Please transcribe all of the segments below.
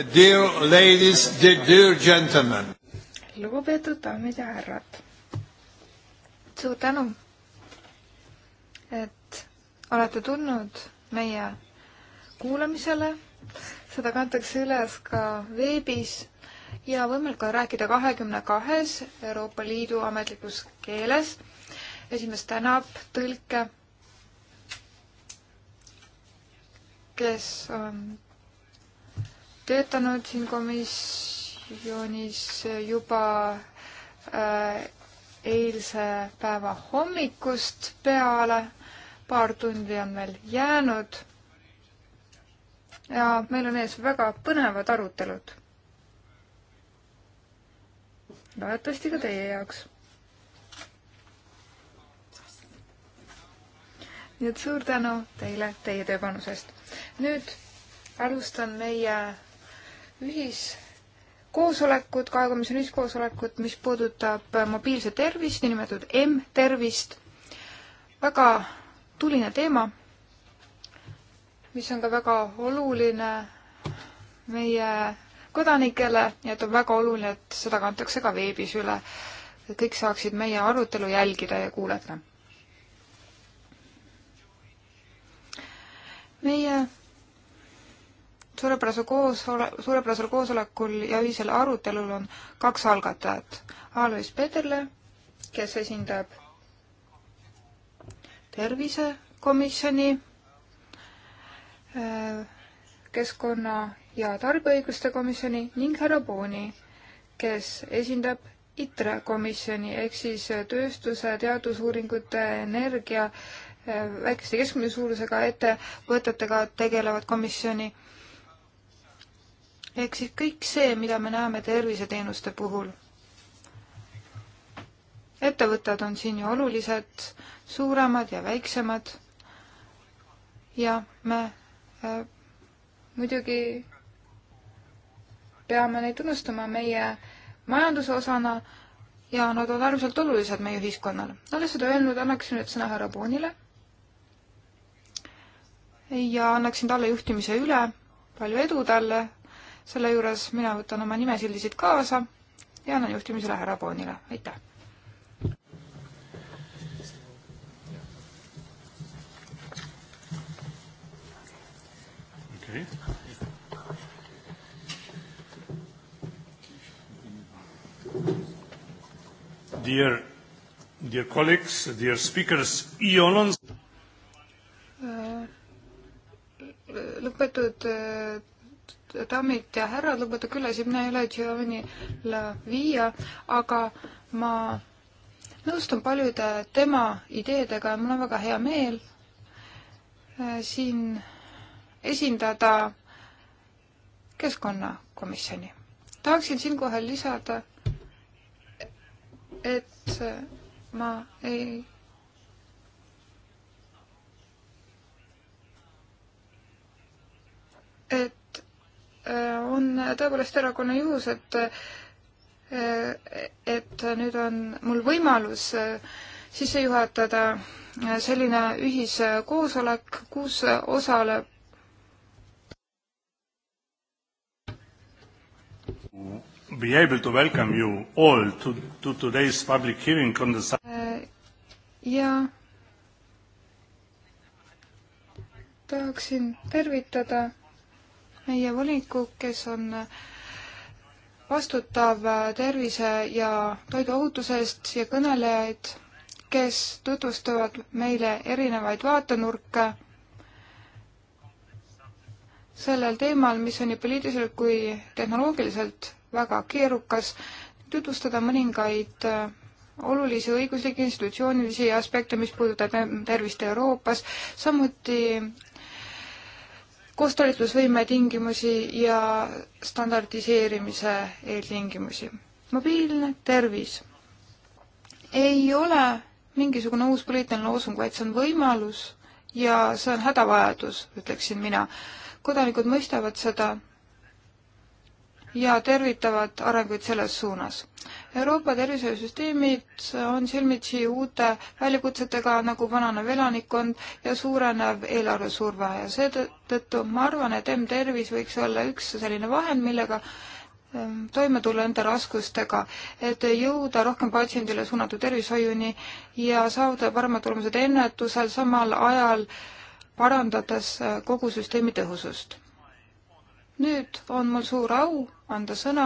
Dear ladies, dear gentlemen. lugupeetud daamid ja härrad. suur tänu, et olete tulnud meie kuulamisele. seda kantakse üles ka veebis ja võimalik on rääkida kahekümne kahes Euroopa Liidu ametlikus keeles. esimees tänab tõlke, kes on töötanud siin komisjonis juba äh, eilse päeva hommikust peale. paar tundi on veel jäänud. ja meil on ees väga põnevad arutelud. loodetavasti ka teie jaoks. nii et suur tänu teile teie tööpanusest. nüüd alustan meie ühiskoosolekut, kahe komisjoni ühiskoosolekut, mis puudutab äh, mobiilset tervist, niinimetatud M-tervist. väga tuline teema, mis on ka väga oluline meie kodanikele ja et on väga oluline, et seda kantakse ka veebis üle. kõik saaksid meie arutelu jälgida ja kuulata. meie suurepärasel koosole-, suurepärasel koosolekul ja ühisel arutelul on kaks algatajat. Alois Pederle, kes esindab tervisekomisjoni, äh, keskkonna- ja tarbijaõiguste komisjoni ning härra Booni, kes esindab ITRE komisjoni ehk siis tööstuse, teadusuuringute, energia, äh, väikeste keskmise suurusega ettevõtetega tegelevat komisjoni ehk siis kõik see, mida me näeme terviseteenuste puhul. ettevõtted on siin ju olulised, suuremad ja väiksemad ja me äh, muidugi peame neid tunnustama meie majanduse osana ja nad on äärmiselt olulised meie ühiskonnale. olles seda öelnud, annaksin nüüd sõna härra Boonile ja annaksin talle juhtimise üle. palju edu talle selle juures mina võtan oma nimesildisid kaasa ja annan juhtimisele härra Boonile, aitäh! Okay. Dear, dear colleagues, dear speakers, Ionons. Äh, äh, lugupeetud äh, daamid ja härrad, lubage küll, siin mina ei ole Giovanni La Via, aga ma nõustun paljude tema ideedega ja mul on väga hea meel äh, siin esindada keskkonnakomisjoni. tahaksin siinkohal lisada, et äh, ma ei et Äh, on tõepoolest erakonna juhus, et äh, et nüüd on mul võimalus äh, sisse juhatada selline ühiskoosolek, kus osaleb be able to welcome you all to, to today's public hearing on the uh, ja tahaksin tervitada meie voliniku, kes on vastutav tervise ja toiduohutuse eest ja kõnelejaid, kes tutvustavad meile erinevaid vaatenurke sellel teemal, mis on nii poliitiliselt kui tehnoloogiliselt väga keerukas, tutvustada mõningaid äh, olulisi õiguslikke institutsioonilisi aspekte, mis puudutab tervist Euroopas, samuti koostalitlusvõime tingimusi ja standardiseerimise eeltingimusi. mobiilne tervis ei ole mingisugune uus poliitiline loosung, vaid see on võimalus ja see on hädavajadus, ütleksin mina. kodanikud mõistavad seda ja tervitavad arenguid selles suunas. Euroopa tervishoiusüsteemid on silmitsi uute väljakutsetega nagu vananev elanikkond ja suurenev eelarvesurve ja seetõttu ma arvan, et M-tervis võiks olla üks selline vahend, millega ähm, toime tulla enda raskustega, et jõuda rohkem patsiendile suunatud tervishoiuni ja saavutada paremad tulemused ennetusel, samal ajal parandades äh, kogu süsteemi tõhusust. nüüd on mul suur au anda sõna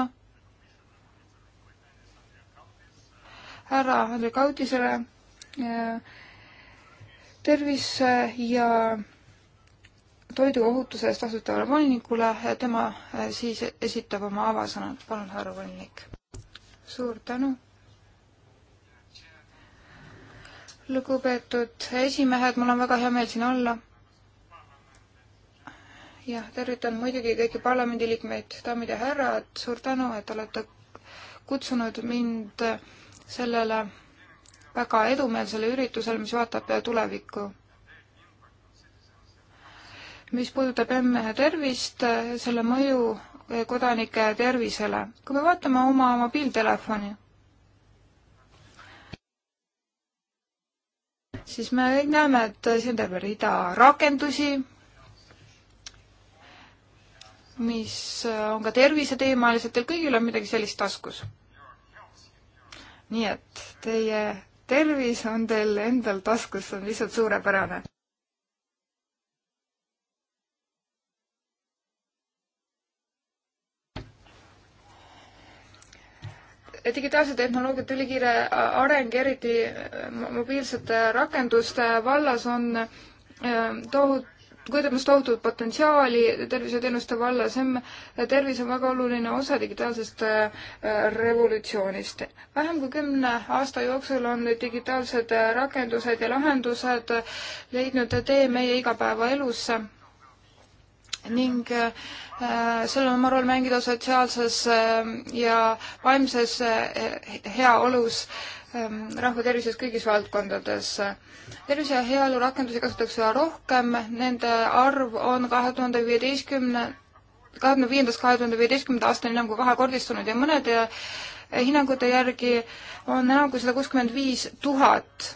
härra Andrei Kaudisele eh, tervise ja toiduohutuse eest vastutavale volinikule, tema eh, siis esitab oma avasõnad. palun, härra volinik. suur tänu. lugupeetud esimehed, mul on väga hea meel siin olla jah, tervitan muidugi kõiki parlamendiliikmeid, daamid ja härrad, suur tänu, et olete kutsunud mind sellele väga edumeelsele üritusele, mis vaatab tulevikku. mis puudutab emme tervist, selle mõju kodanike tervisele. kui me vaatame oma mobiiltelefoni, siis me kõik näeme, et siin on terve rida rakendusi, mis äh, on ka terviseteemalised, teil kõigil on midagi sellist taskus. nii et teie tervis on teil endal taskus, see on lihtsalt suurepärane. digitaalse tehnoloogiate ülikiire areng, eriti mobiilsete rakenduste vallas on äh, tohutu kujutab just tohutut potentsiaali terviseteenuste vallas, tervis on väga oluline osa digitaalsest äh, revolutsioonist. vähem kui kümne aasta jooksul on digitaalsed rakendused ja lahendused leidnud tee meie igapäevaelusse ning äh, sellel on oma roll mängida sotsiaalses äh, ja vaimses heaolus Ähm, rahva tervises kõigis valdkondades. tervise ja heaolu rakendusi kasutatakse üha rohkem, nende arv on kahe tuhande viieteistkümne, kahe tuhande viiendast kahe tuhande viieteistkümnenda aastani enam kui kahekordistunud ja mõnede äh, hinnangute järgi on enam kui sada kuuskümmend viis tuhat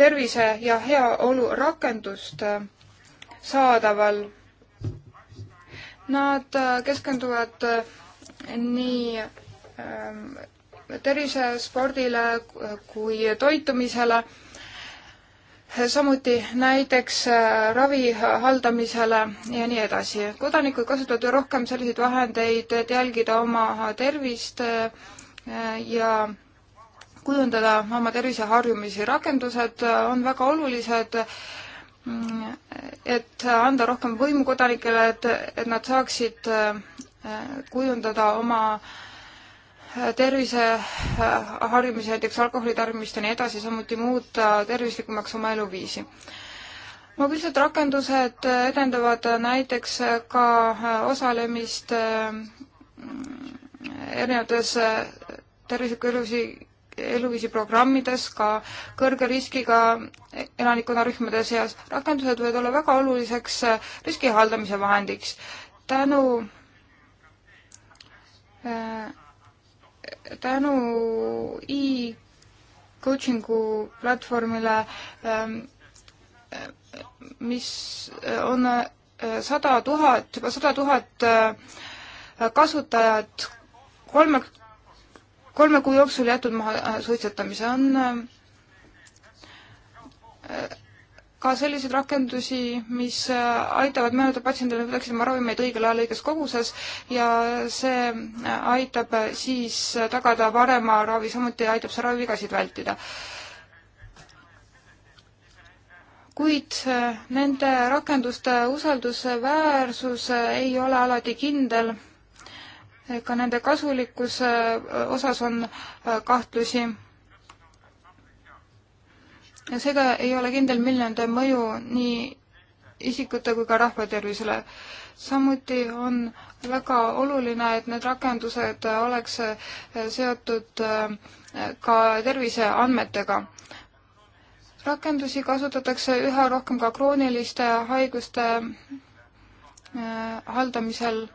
tervise ja heaolu rakendust äh, saadaval. Nad äh, keskenduvad nii ähm, tervisespordile kui toitumisele, samuti näiteks äh, ravi haldamisele ja nii edasi. kodanikud kasutavad ju rohkem selliseid vahendeid, et jälgida oma tervist äh, ja kujundada oma terviseharjumisi. rakendused on väga olulised mm, et anda rohkem võimu kodanikele, et, et nad saaksid äh, kujundada oma tervise äh, harjumusi, näiteks alkoholi tarbimist ja nii edasi, samuti muuta tervislikumaks oma eluviisi. mobiilsed rakendused edendavad näiteks ka äh, osalemist äh, erinevates tervisliku elusi, eluviisi programmides, ka kõrge riskiga elanikkonnarühmade seas. rakendused võivad olla väga oluliseks riski haldamise vahendiks. tänu äh, tänu e-coachingu platvormile, ähm, mis on äh, sada tuhat, juba sada tuhat äh, kasutajat kolme, kolme kuu jooksul jätnud maha äh, suitsetamise, on ka selliseid rakendusi, mis äh, aitavad mööda patsiendile, et võtaksid oma ravimeid õigel ajal õiges koguses ja see äh, aitab äh, siis tagada parema ravi, samuti aitab see ravivigasid vältida. kuid nende rakenduste usaldusväärsus ei ole alati kindel. ka nende kasulikkuse osas on kahtlusi ja seega ei ole kindel, milline on ta mõju nii isikute kui ka rahvatervisele. samuti on väga oluline, et need rakendused oleks seotud äh, ka terviseandmetega. rakendusi kasutatakse üha rohkem ka krooniliste haiguste äh, haldamisel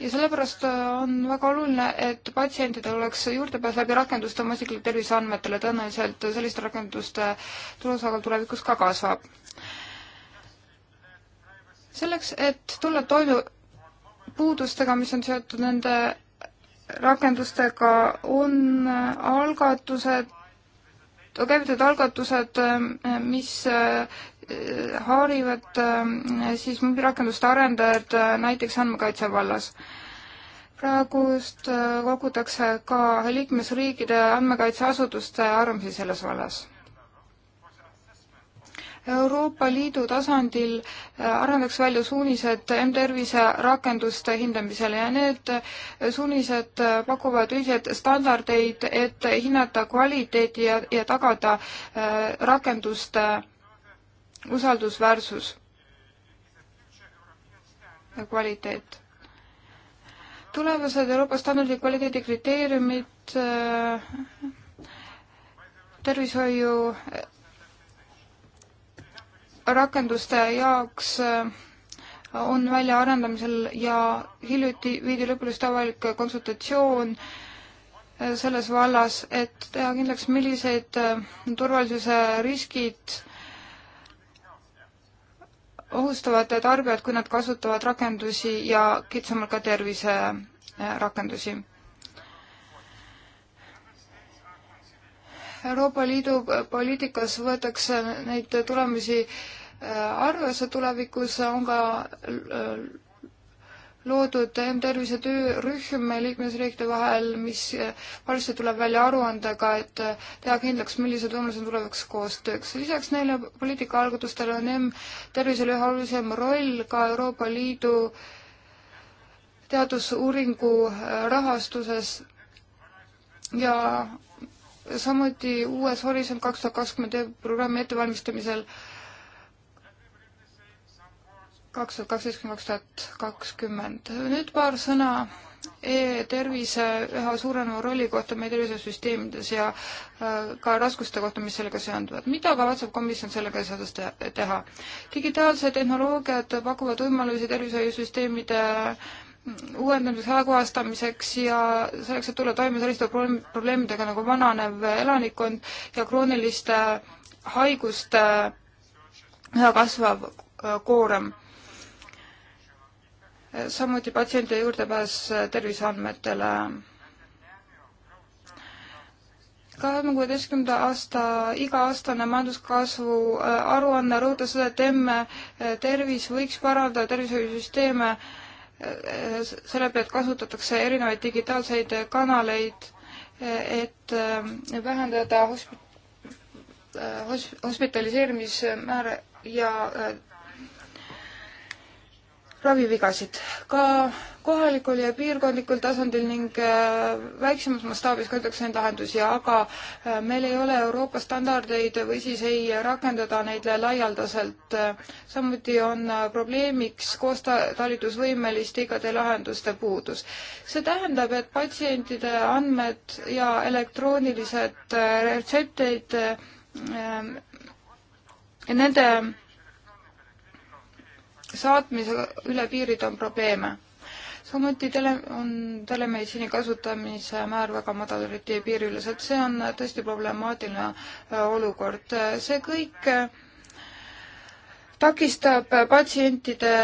ja sellepärast äh, on väga oluline, et patsientidel oleks juurdepääs läbi rakenduste oma isiklikele terviseandmetele, tõenäoliselt selliste rakenduste tulusakaal tulevikus ka kasvab. selleks, et tulla toidu puudustega, mis on seotud nende rakendustega, on äh, algatused, käivitatud algatused, äh, mis Äh, haarivad äh, siis mobiilirakenduste arendajad äh, näiteks andmekaitse vallas. praegust kogutakse ka liikmesriikide andmekaitseasutuste arvamusi selles vallas Euroopa Liidu tasandil arendaks välja suunised M-tervise rakenduste hindamisele ja need suunised pakuvad ühiseid standardeid, et hinnata kvaliteedi ja, ja tagada rakenduste usaldusväärsus ja kvaliteet. tulevased Euroopa standardi kvaliteedikriteeriumid äh, tervishoiu äh, rakenduste jaoks äh, on väljaarendamisel ja hiljuti viidi lõpule just avalik konsultatsioon selles vallas, et teha kindlaks, millised turvalisuse riskid ohustavad tarbijad, kui nad kasutavad rakendusi ja kitsamalt ka terviserakendusi. Eh, Euroopa Liidu eh, poliitikas võetakse neid tulemusi eh, arvesse tulevikus, on ka loodud M-tervise töörühm liikmesriikide vahel, mis varsti tuleb välja aruandega, et teha kindlaks, millised võimalused on tulevaks koostööks. lisaks neile poliitikaalgatustele on M-tervisel üha olulisem roll ka Euroopa Liidu teadusuuringu äh, rahastuses ja samuti uues Horisont kaks tuhat kakskümmend e programmi ettevalmistamisel äh, kaks tuhat kaksteist kuni kaks tuhat kakskümmend. nüüd paar sõna e-tervise üha suureneva rolli kohta meie tervisesüsteemides ja äh, ka raskuste kohta, mis sellega seonduvad. mida kavatseb komisjon sellega seoses teha? digitaalsed tehnoloogiad pakuvad võimalusi tervishoiusüsteemide mm, uuendamiseks, ajakohastamiseks ja selleks, et tulla toime selliste probleemidega nagu vananev elanikkond ja krooniliste haiguste üha kasvav äh, koorem samuti patsiendi juurdepääs terviseandmetele. kahe tuhande kuueteistkümnenda aasta iga-aastane majanduskasvu äh, aruanne rõhutas seda, et emme äh, tervis võiks parandada tervishoiusüsteeme äh, selle peale, et kasutatakse erinevaid digitaalseid kanaleid, et vähendada hosp-, hos-, hospitaliseerimismäära ja ravivigasid ka kohalikul ja piirkondlikul tasandil ning äh, väiksemas mastaabis kasutatakse neid lahendusi, aga äh, meil ei ole Euroopa standardeid või siis ei rakendada neid laialdaselt. samuti on äh, probleemiks koostalitusvõimeliste igade lahenduste puudus. see tähendab, et patsientide andmed ja elektroonilised retsepteid, nende saatmisega üle piirid on probleeme. samuti tele, on telemeditsiini kasutamise määr väga madal, eriti piiriüleselt, see on tõesti problemaatiline äh, olukord. see kõik äh, takistab patsientide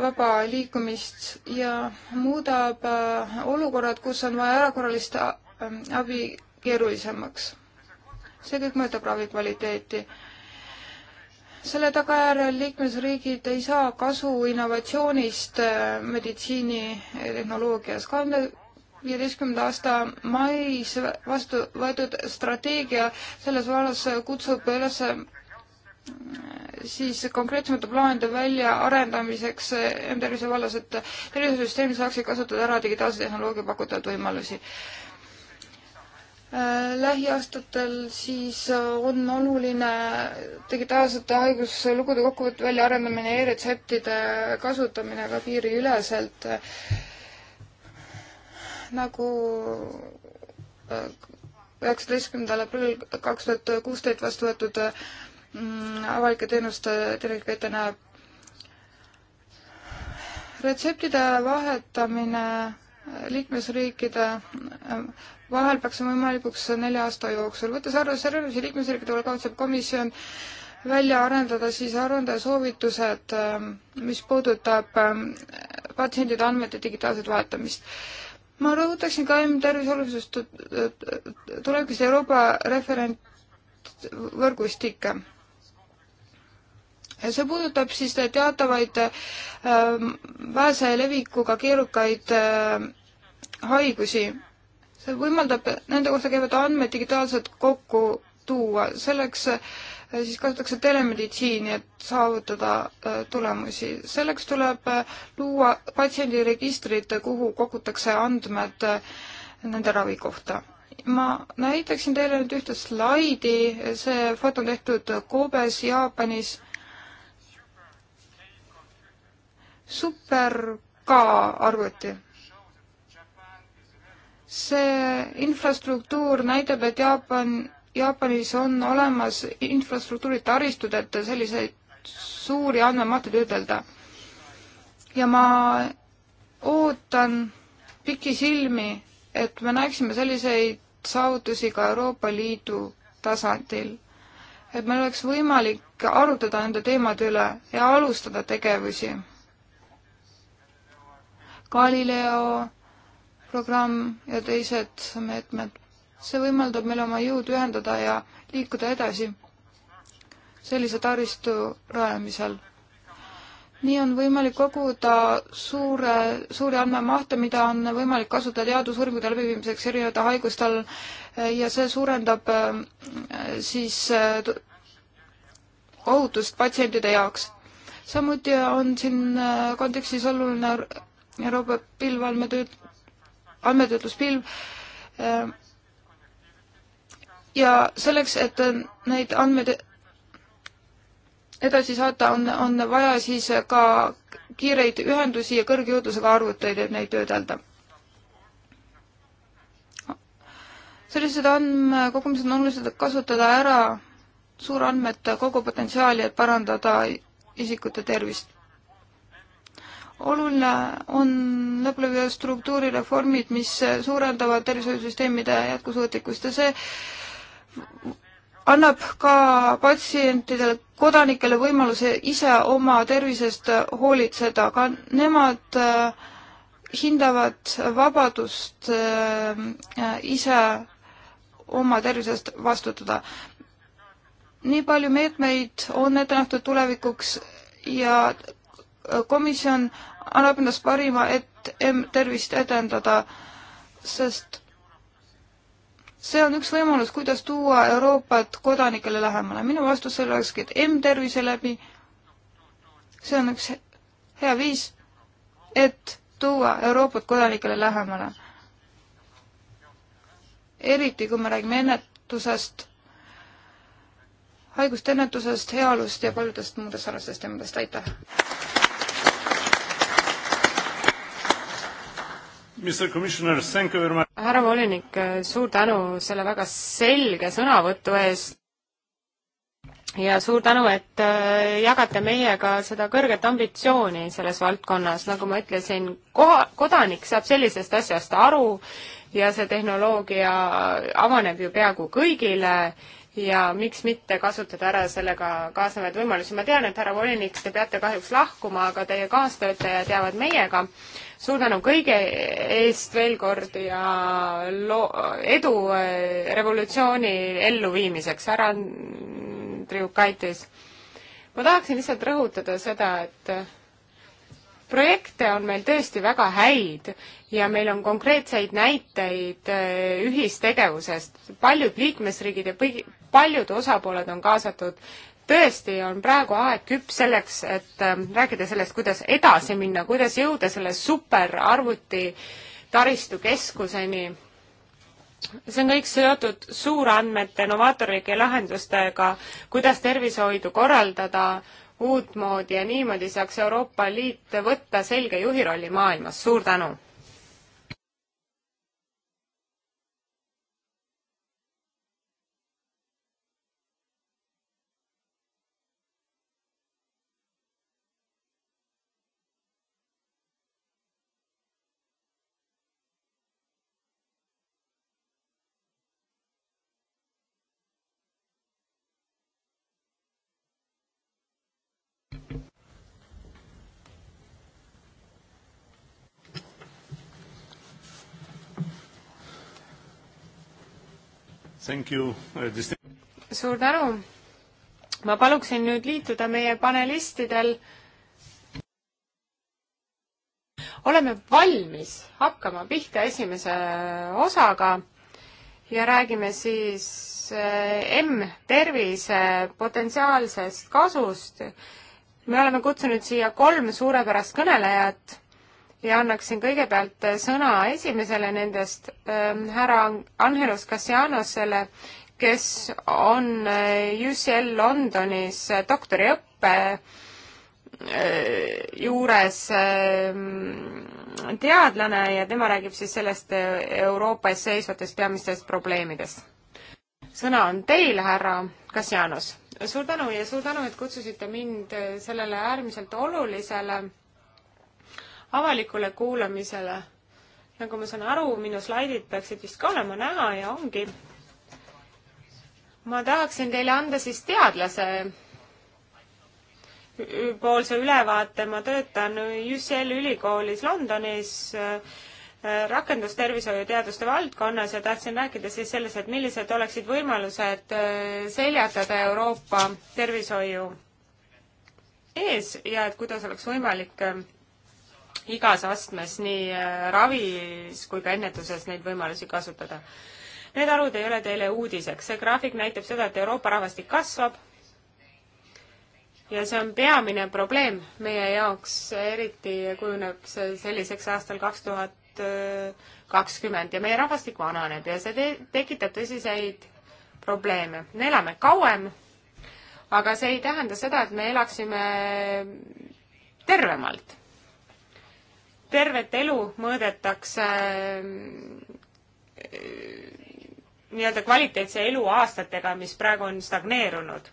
vaba liikumist ja muudab äh, olukorrad, kus on vaja erakorralist abi keerulisemaks. see kõik mõjutab ravi kvaliteeti selle tagajärjel liikmesriigid ei saa kasu innovatsioonist äh, meditsiinitehnoloogias. Äh, kahe tuhande viieteistkümnenda aasta mais vastu võetud strateegia selles vallas kutsub üles äh, siis konkreetsemate plaanide väljaarendamiseks tervise vallas, et tervisesüsteem saaksid kasutada ära digitaalse tehnoloogia pakutavaid võimalusi Äh, lähiaastatel, siis äh, on oluline digitaalsete haiguslugude kokkuvõtte väljaarendamine ja e-retseptide kasutamine ka piiriüleselt. nagu äh, üheksateistkümnendal aprillil kaks tuhat kuusteist vastu võetud mm, avalike teenuste direktiiv ette näeb. retseptide vahetamine liikmesriikide vahel peaks see võimalikuks nelja aasta jooksul. võttes arvesse erinevusi liikmesriikidega, kavatseb komisjon välja arendada siis aruande soovitused, mis puudutab ähm, patsientide andmete digitaalset vahetamist ma rõhutaksin ka tervise olulisust äh, äh, tulevikust Euroopa referentvõrgustikke see puudutab siis teatavaid ähm, vähese levikuga keerukaid äh, haigusi. see võimaldab nende kohta käivad andmed digitaalselt kokku tuua, selleks äh, siis kasutatakse telemeditsiini, et saavutada äh, tulemusi. selleks tuleb luua patsiendiregistrid, kuhu kogutakse andmed nende ravi kohta. ma näitaksin teile nüüd ühte slaidi, see foto on tehtud Kobes, Jaapanis super ka arvuti. see infrastruktuur näitab, et Jaapan, Jaapanis on olemas infrastruktuurid, taristud, et selliseid suuri andmematte töödelda. ja ma ootan pikisilmi, et me näeksime selliseid saavutusi ka Euroopa Liidu tasandil. et meil oleks võimalik arutada nende teemade üle ja alustada tegevusi Galileo programm ja teised meetmed. see võimaldab meil oma jõud ühendada ja liikuda edasi sellise taristu rajamisel. nii on võimalik koguda suure, suuri andmemahte, mida on võimalik kasutada teadusuuringute läbiviimiseks erinevate haiguste all ja see suurendab äh, siis äh, ohutust patsientide jaoks. samuti on siin äh, kontekstis oluline Euroopa pilv, andmetööt-, andmetöötluspilv äh, ja selleks, et äh, neid andmeid edasi saata, on, on vaja siis ka kiireid ühendusi ja kõrge jõudlusega arvuteid, et neid töödelda. sellised andmekogumised on olulised, et kasutada ära suurandmete kogu potentsiaali, et parandada isikute tervist oluline on lõpule viia struktuurireformid, mis suurendavad tervishoiusüsteemide jätkusuutlikkust ja see annab ka patsientidele, kodanikele võimaluse ise oma tervisest hoolitseda, ka nemad äh, hindavad vabadust äh, ise oma tervisest vastutada. nii palju meetmeid on ette nähtud tulevikuks ja komisjon annab endast parima, et tervist edendada, sest see on üks võimalus, kuidas tuua Euroopat kodanikele lähemale. minu vastus sellele olekski, et M-tervise läbi, see on üks hea viis, et tuua Euroopat kodanikele lähemale. eriti, kui me räägime ennetusest, haiguste ennetusest, heaolust ja paljudest muudest sarnastest teemadest, aitäh! härra volinik, suur tänu selle väga selge sõnavõtu eest ja suur tänu, et äh, jagate meiega seda kõrget ambitsiooni selles valdkonnas, nagu ma ütlesin, koha, kodanik saab sellisest asjast aru ja see tehnoloogia avaneb ju peaaegu kõigile ja miks mitte kasutada ära sellega kaasnevaid võimalusi. ma tean, et härra volinik, te peate kahjuks lahkuma, aga teie kaastöötajad jäävad meiega suur tänu kõige eest veel kord ja lo-, edu äh, revolutsiooni elluviimiseks, härra Andriukaitis. ma tahaksin lihtsalt rõhutada seda, et projekte on meil tõesti väga häid ja meil on konkreetseid näiteid äh, ühistegevusest. paljud liikmesriigid ja põhi, paljud osapooled on kaasatud tõesti on praegu aeg küps selleks, et ähm, rääkida sellest, kuidas edasi minna, kuidas jõuda selle superarvuti taristukeskuseni. see on kõik seotud suurandmete novaatorlike lahendustega, kuidas tervishoidu korraldada uutmoodi ja niimoodi saaks Euroopa Liit võtta selge juhi rolli maailmas. suur tänu! Uh, suur tänu. ma paluksin nüüd liituda meie panelistidel. oleme valmis hakkama pihta esimese osaga ja räägime siis eh, M-tervise potentsiaalsest kasust. me oleme kutsunud siia kolm suurepärast kõnelejat ja annaksin kõigepealt sõna esimesele nendest ähm,, härra Angelos Cassianosele, kes on äh, UCL Londonis doktoriõppe äh, juures ähm, teadlane ja tema räägib siis sellest äh, Euroopa ees seisvatest peamistest probleemidest. sõna on teil, härra Kassianos. suur tänu ja suur tänu, et kutsusite mind sellele äärmiselt olulisele avalikule kuulamisele. nagu ma saan aru, minu slaidid peaksid vist ka olema näha ja ongi. ma tahaksin teile anda siis teadlase poolse ülevaate, ma töötan UCL ülikoolis Londonis äh, rakendustervishoiuteaduste valdkonnas ja tahtsin rääkida siis selles, et millised oleksid võimalused äh, seljatada Euroopa tervishoiu ees ja et kuidas oleks võimalik äh, igas astmes, nii äh, ravis kui ka ennetuses neid võimalusi kasutada. Need arvud ei ole teile uudiseks, see graafik näitab seda, et Euroopa rahvastik kasvab ja see on peamine probleem meie jaoks, eriti kujuneb see selliseks aastal kaks tuhat kakskümmend ja meie rahvastik vananeb ja see te tekitab tõsiseid probleeme. me elame kauem, aga see ei tähenda seda, et me elaksime tervemalt tervet elu mõõdetakse äh, nii-öelda kvaliteetse elu aastatega, mis praegu on stagneerunud.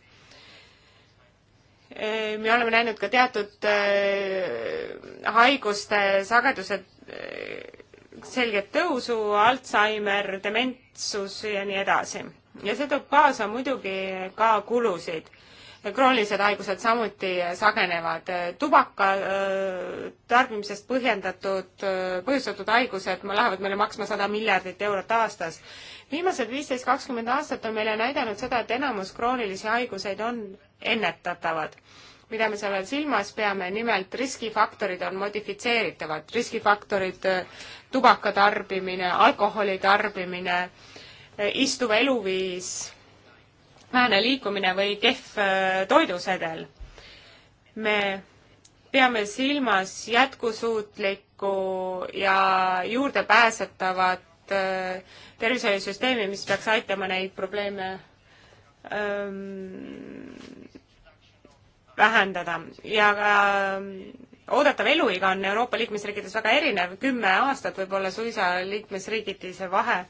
Äh, me oleme näinud ka teatud äh, haiguste sageduse selget tõusu, Alzheimer, dementsus ja nii edasi. ja see toob kaasa muidugi ka kulusid kroonilised haigused samuti sagenevad. tubaka äh, tarbimisest põhjendatud, äh, põhjustatud haigused lähevad meile maksma sada miljardit eurot aastas. viimased viisteist, kakskümmend aastat on meile näidanud seda, et enamus kroonilisi haiguseid on ennetatavad mida me seal veel silmas peame, nimelt riskifaktorid on modifitseeritavad, riskifaktorid äh, tubaka tarbimine, alkoholi tarbimine, istuv eluviis vähene liikumine või kehv äh, toidusedel. me peame silmas jätkusuutlikku ja juurdepääsetavat äh, tervishoiusüsteemi, mis peaks aitama neid probleeme ähm, vähendada ja ka ähm, oodatav eluiga on Euroopa liikmesriikides väga erinev, kümme aastat võib-olla suisa liikmesriigiti see vahe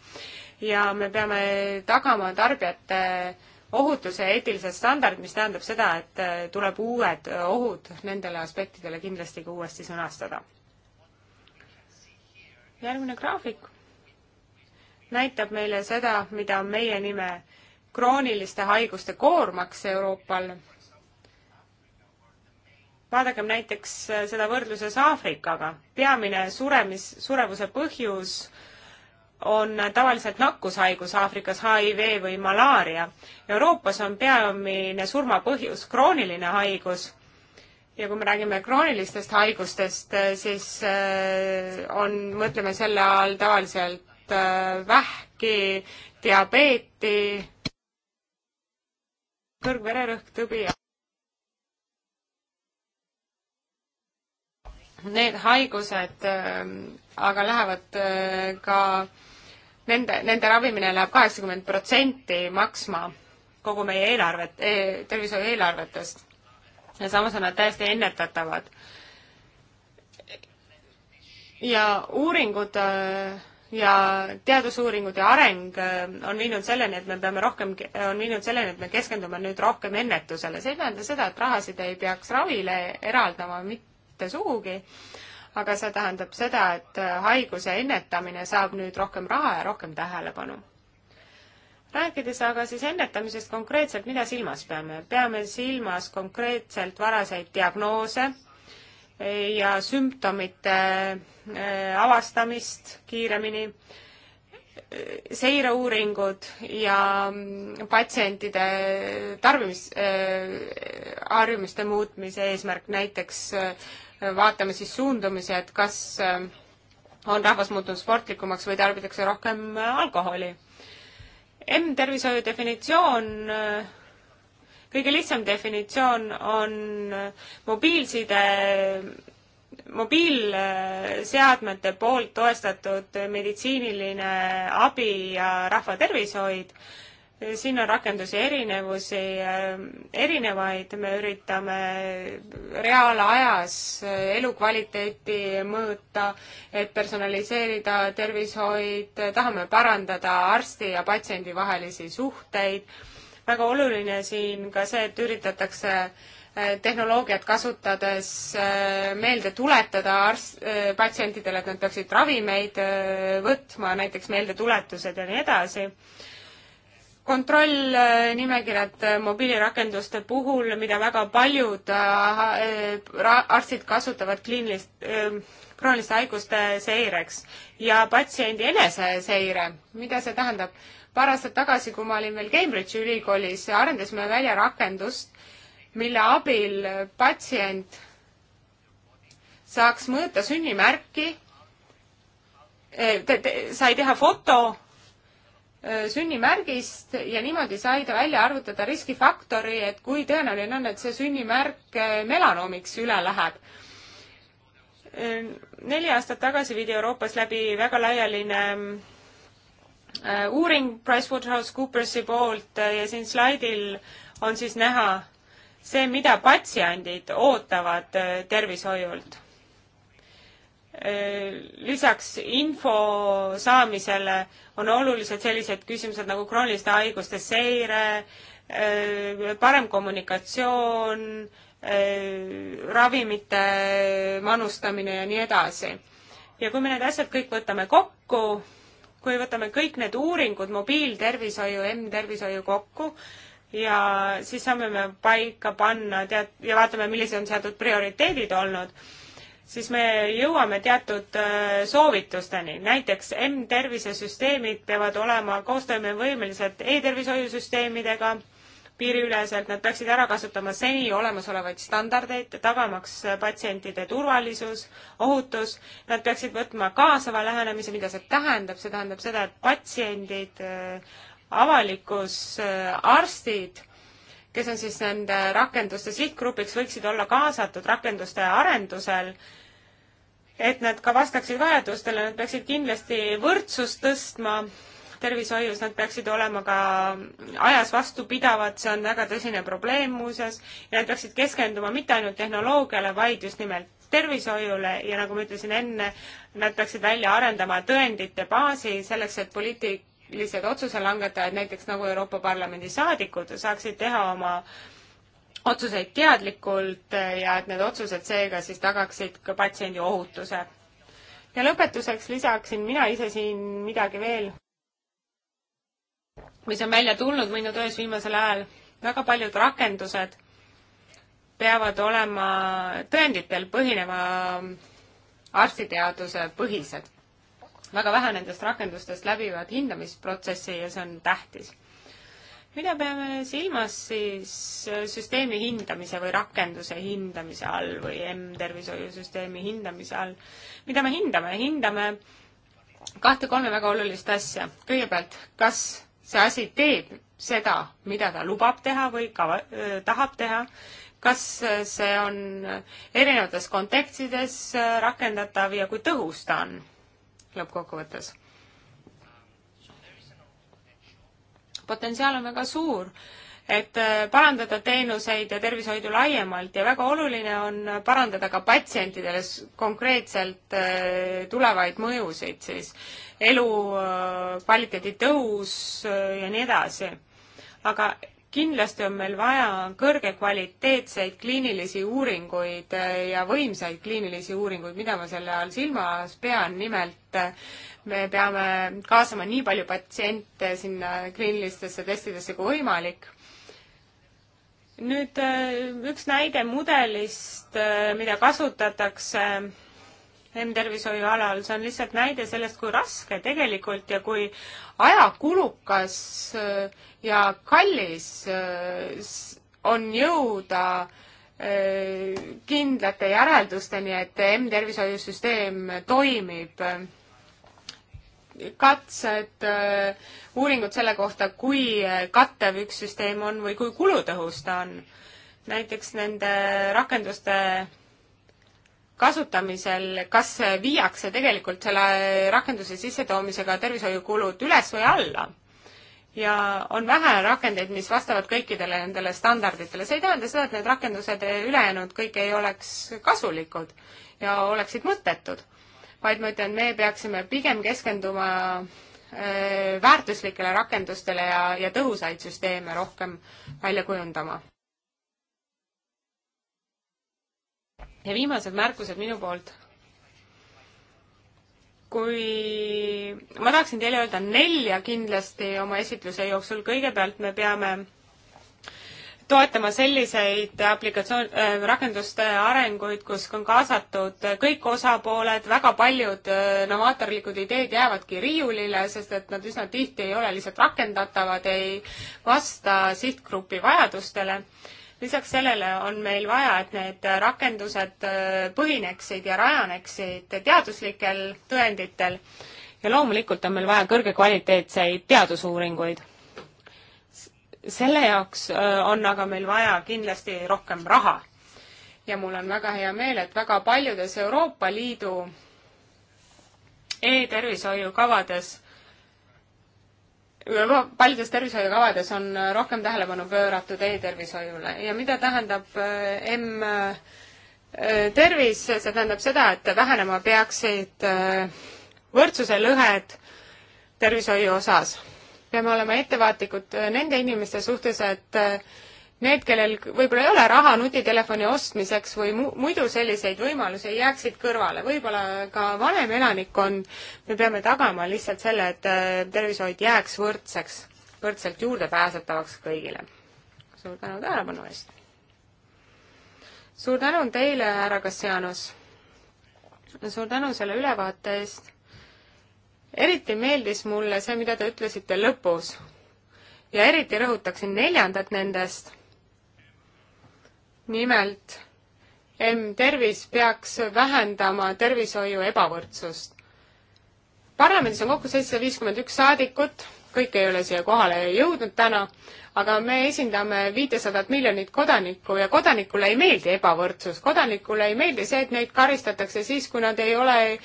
ja me peame tagama tarbijate äh, ohutuse eetilised standard, mis tähendab seda, et äh, tuleb uued äh, ohud nendele aspektidele kindlasti ka uuesti sõnastada. järgmine graafik näitab meile seda, mida meie nime krooniliste haiguste koormaks Euroopal. vaadakem näiteks äh, seda võrdluses Aafrikaga. peamine suremis, surevuse põhjus on tavaliselt nakkushaigus Aafrikas HIV või malaaria. Euroopas on peamine surmapõhjus krooniline haigus ja kui me räägime kroonilistest haigustest, siis äh, on, mõtleme selle all tavaliselt äh, vähki, diabeeti, kõrgvererõhk, tõbi. Need haigused ähm, aga lähevad äh, ka nende, nende ravimine läheb kaheksakümmend protsenti maksma kogu meie eelarvet, e, tervishoiu eelarvetest. ja samas on nad täiesti ennetatavad. ja uuringud äh, ja teadusuuringud ja areng äh, on viinud selleni, et me peame rohkem, on viinud selleni, et me keskendume nüüd rohkem ennetusele. see ei tähenda seda, et rahasid ei peaks ravile eraldama, mitte sugugi aga see tähendab seda, et äh, haiguse ennetamine saab nüüd rohkem raha ja rohkem tähelepanu. rääkides aga siis ennetamisest konkreetselt, mida silmas peame? peame silmas konkreetselt varaseid diagnoose äh, ja sümptomite äh, avastamist kiiremini seireuuringud ja patsientide tarbimis äh,, harjumuste muutmise eesmärk, näiteks äh, vaatame siis suundumisi, et kas äh, on rahvas muutunud sportlikumaks või tarbitakse rohkem äh, alkoholi. M-tervishoiu definitsioon äh, kõige lihtsam definitsioon on äh, mobiilside mobiilseadmete poolt toestatud meditsiiniline abi ja rahvatervishoid, siin on rakendusi erinevusi, erinevaid, me üritame reaalajas elukvaliteeti mõõta, et personaliseerida tervishoid, tahame parandada arsti ja patsiendi vahelisi suhteid, väga oluline siin ka see, et üritatakse äh, Äh, tehnoloogiat kasutades äh, meelde tuletada arst, äh, patsientidele, et nad peaksid ravimeid võtma, näiteks meeldetuletused ja nii edasi. kontrollnimekirjad mobiilirakenduste puhul, mida väga paljud arstid kasutavad kliinilist, krooniliste haiguste seireks ja patsiendi eneseseire. mida see tähendab? paar aastat tagasi, kui ma olin veel Cambridge'i ülikoolis, arendasime välja rakendust, mille abil patsient saaks mõõta sünnimärki, sai teha foto äh, sünnimärgist ja niimoodi sai ta välja arvutada riskifaktori, et kui tõenäoline on, et see sünnimärk äh, melanoomiks üle läheb. Äh, neli aastat tagasi viidi Euroopas läbi väga laialine uuring PricewaterhouseCoopersi poolt ja siin slaidil on siis näha see, mida patsiendid ootavad äh, tervishoiult. Äh, lisaks info saamisele on olulised sellised küsimused nagu krooniliste haiguste seire, äh, parem kommunikatsioon, ravimite manustamine ja nii edasi. ja kui me need asjad kõik võtame kokku, kui võtame kõik need uuringud mobiiltervishoiu, M-tervishoiu kokku, ja siis saame me paika panna tead- ja vaatame, millised on seatud prioriteedid olnud, siis me jõuame teatud äh, soovitusteni. näiteks M-tervisesüsteemid peavad olema koostoimevõimelised e-tervishoiusüsteemidega piiriüleselt, nad peaksid ära kasutama seni olemasolevaid standardeid, tagamaks patsientide turvalisus, ohutus, nad peaksid võtma kaasava lähenemise, mida see tähendab, see tähendab seda, et patsiendid äh, avalikkus, äh, arstid, kes on siis nende rakenduste sihtgrupiks, võiksid olla kaasatud rakenduste arendusel, et nad ka vastaksid vajadustele, nad peaksid kindlasti võrdsust tõstma tervishoius, nad peaksid olema ka ajas vastupidavad, see on väga tõsine probleem muuseas, ja nad peaksid keskenduma mitte ainult tehnoloogiale, vaid just nimelt tervishoiule ja nagu ma ütlesin enne, nad peaksid välja arendama tõendite baasi selleks, et poliitik poliitilised otsuse langetajad, näiteks nagu Euroopa Parlamendi saadikud, saaksid teha oma otsuseid teadlikult ja et need otsused seega siis tagaksid ka patsiendi ohutuse. ja lõpetuseks lisaksin mina ise siin midagi veel, mis on välja tulnud minu töös viimasel ajal. väga paljud rakendused peavad olema tõenditel põhineva arstiteaduse põhised väga vähe nendest rakendustest läbivad hindamisprotsessi ja see on tähtis. mida peame silmas siis äh, süsteemi hindamise või rakenduse hindamise all või M-tervishoiusüsteemi hindamise all? mida me hindame? hindame kahte-kolme väga olulist asja. kõigepealt, kas see asi teeb seda, mida ta lubab teha või kava äh,, tahab teha, kas äh, see on erinevates kontekstides äh, rakendatav ja kui tõhus ta on lõppkokkuvõttes. potentsiaal on väga suur, et äh, parandada teenuseid ja tervishoidu laiemalt ja väga oluline on parandada ka patsientidele konkreetselt äh, tulevaid mõjusid siis, elukvaliteedi äh, tõus ja nii edasi. aga kindlasti on meil vaja kõrgekvaliteetseid kliinilisi uuringuid äh, ja võimsaid kliinilisi uuringuid, mida ma selle all silmas pean, nimelt äh, me peame kaasama nii palju patsiente sinna kliinilistesse testidesse kui võimalik. nüüd äh, üks näide mudelist, mida kasutatakse M-tervishoiu alal, see on lihtsalt näide sellest, kui raske tegelikult ja kui ajakulukas äh, ja kallis äh, on jõuda äh, kindlate järeldusteni, et M-tervishoiusüsteem toimib. katsed, uuringud selle kohta, kui kattev üks süsteem on või kui kulutõhus ta on. näiteks nende rakenduste kasutamisel, kas viiakse tegelikult selle rakenduse sissetoomisega tervishoiukulud üles või alla? ja on vähe rakendeid, mis vastavad kõikidele nendele standarditele. see ei tähenda seda, et need rakendused ülejäänud kõik ei oleks kasulikud ja oleksid mõttetud, vaid ma ütlen, me peaksime pigem keskenduma äh, väärtuslikele rakendustele ja, ja tõhusaid süsteeme rohkem välja kujundama. ja viimased märkused minu poolt. kui, ma tahaksin teile öelda nelja kindlasti oma esitluse jooksul, kõigepealt me peame toetama selliseid aplikatsioon äh,, rakenduste arenguid, kus on kaasatud kõik osapooled, väga paljud äh, novaatorlikud ideed jäävadki riiulile, sest et nad üsna tihti ei ole lihtsalt rakendatavad, ei vasta sihtgrupi vajadustele äh, lisaks sellele on meil vaja, et need rakendused äh, põhineksid ja rajaneksid teaduslikel tõenditel ja loomulikult on meil vaja kõrgekvaliteetseid teadusuuringuid. selle jaoks äh, on aga meil vaja kindlasti rohkem raha. ja mul on väga hea meel, et väga paljudes Euroopa Liidu e-tervishoiukavades paljudes tervishoiukavades on äh, rohkem tähelepanu pööratud e-tervishoiule ja mida tähendab äh, M äh, tervis, see tähendab seda, et vähenema peaksid võrdsuse lõhed tervishoiu osas. peame olema ettevaatlikud nende inimeste suhtes, et need, kellel võib-olla ei ole raha nutitelefoni ostmiseks või mu-, muidu selliseid võimalusi, jääksid kõrvale. võib-olla ka vanem elanikkond, me peame tagama lihtsalt selle, et äh, tervishoid jääks võrdseks, võrdselt juurdepääsetavaks kõigile. suur tänu tähelepanu eest! suur tänu teile, härra Kassianus! suur tänu selle ülevaate eest! eriti meeldis mulle see, mida te ütlesite lõpus. ja eriti rõhutaksin neljandat nendest nimelt M-tervis peaks vähendama tervishoiu ebavõrdsust. parlamendis on kokku seitsesada viiskümmend üks saadikut, kõik ei ole siia kohale jõudnud täna, aga me esindame viitesadat miljonit kodanikku ja kodanikule ei meeldi ebavõrdsus, kodanikule ei meeldi see, et neid karistatakse siis, kui nad ei ole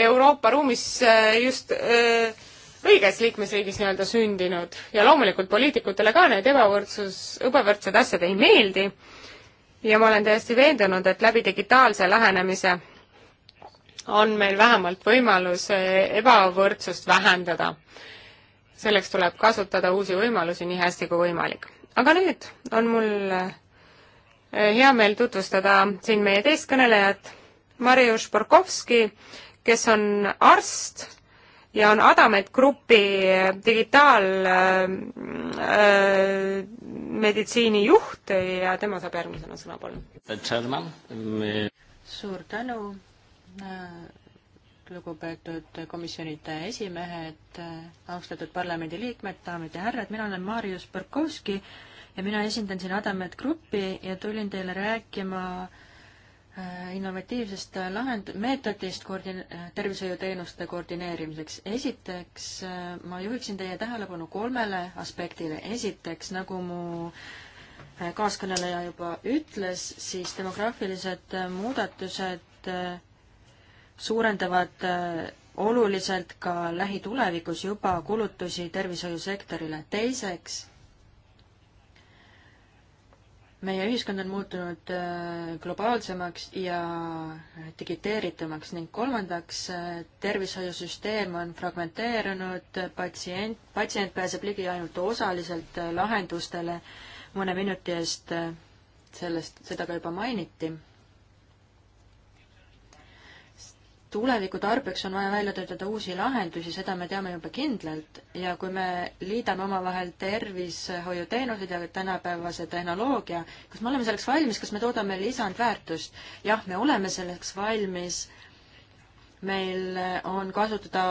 Euroopa ruumis äh, just öö, äh, õiges liikmesriigis nii-öelda sündinud ja loomulikult poliitikutele ka need ebavõrdsus, ebavõrdsed asjad ei meeldi ja ma olen täiesti veendunud, et läbi digitaalse lähenemise on meil vähemalt võimalus eh, ebavõrdsust vähendada. selleks tuleb kasutada uusi võimalusi nii hästi kui võimalik. aga nüüd on mul eh, hea meel tutvustada siin meie teist kõnelejat, Mariusz Borkovski, kes on arst ja on Adamet Grupi digitaalmeditsiini äh, juht ja tema saab järgmisena sõna, palun. suur tänu, äh, lugupeetud komisjonide esimehed, äh, austatud parlamendiliikmed, daamid ja härrad, mina olen Marius Barkovski ja mina esindan siin Adamet Grupi ja tulin teile rääkima äh, Äh, innovatiivsest äh, lahend-, meetodist koordin-, äh, tervishoiuteenuste koordineerimiseks. esiteks ma juhiksin teie tähelepanu kolmele aspektile. esiteks, nagu mu kaaskõneleja juba ütles, siis demograafilised muudatused suurendavad oluliselt ka lähitulevikus juba kulutusi tervishoiusektorile. teiseks, meie ühiskond on muutunud äh, globaalsemaks ja digiteeritumaks ning kolmandaks, äh, tervishoiusüsteem on fragmenteerunud, patsient, patsient pääseb ligi ainult osaliselt äh, lahendustele, mõne minuti eest sellest, seda ka juba mainiti tuleviku tarbeks on vaja välja töötada uusi lahendusi, seda me teame juba kindlalt ja kui me liidame omavahel tervishoiuteenused ja tänapäevase tehnoloogia, kas me oleme selleks valmis, kas me toodame lisandväärtust? jah, me oleme selleks valmis. meil on kasutada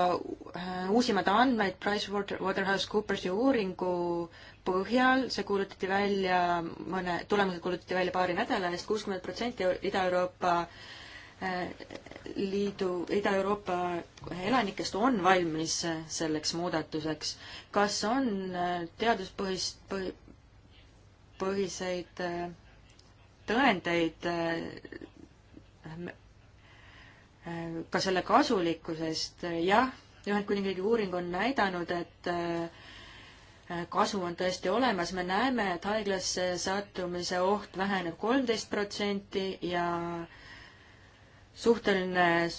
äh, uusimaid andmeid PricewaterhouseCoopersi uuringu põhjal, see kuulutati välja mõne, tulemused kuulutati välja paari nädala eest, kuuskümmend protsenti Ida-Euroopa Liidu, Ida-Euroopa elanikest on valmis selleks muudatuseks. kas on äh, teaduspõhist põh,, põhiseid äh, tõendeid äh, ka selle kasulikkusest, jah, Ühendkuningriigi uuring on näidanud, et kasu on tõesti olemas, me näeme, et haiglasse sattumise oht väheneb kolmteist protsenti ja suhteline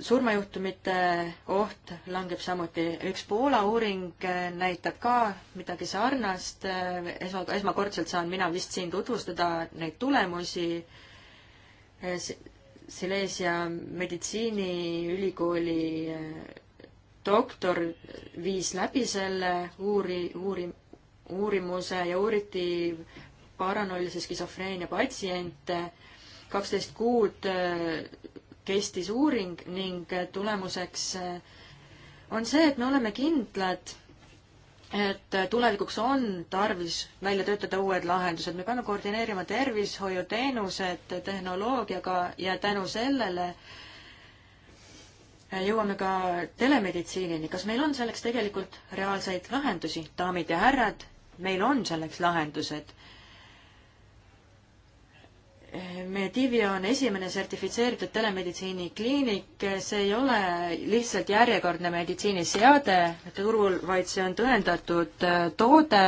surmajuhtumite oht langeb samuti. üks Poola uuring äh, näitab ka midagi sarnast. Äh, esma, esmakordselt saan mina vist siin tutvustada neid tulemusi. Äh, Silesia meditsiiniülikooli doktor viis läbi selle uuri, uuri, uurimuse ja uuriti paranoilise skisofreenia patsiente kaksteist kuud äh, kestis uuring ning äh, tulemuseks äh, on see, et me oleme kindlad, et tulevikuks on tarvis välja töötada uued lahendused. me peame koordineerima tervishoiuteenused tehnoloogiaga ja tänu sellele jõuame ka telemeditsiinini. kas meil on selleks tegelikult reaalseid lahendusi? daamid ja härrad, meil on selleks lahendused Medivio on esimene sertifitseeritud telemeditsiinikliinik, see ei ole lihtsalt järjekordne meditsiiniseade turul, vaid see on tõendatud äh, toode,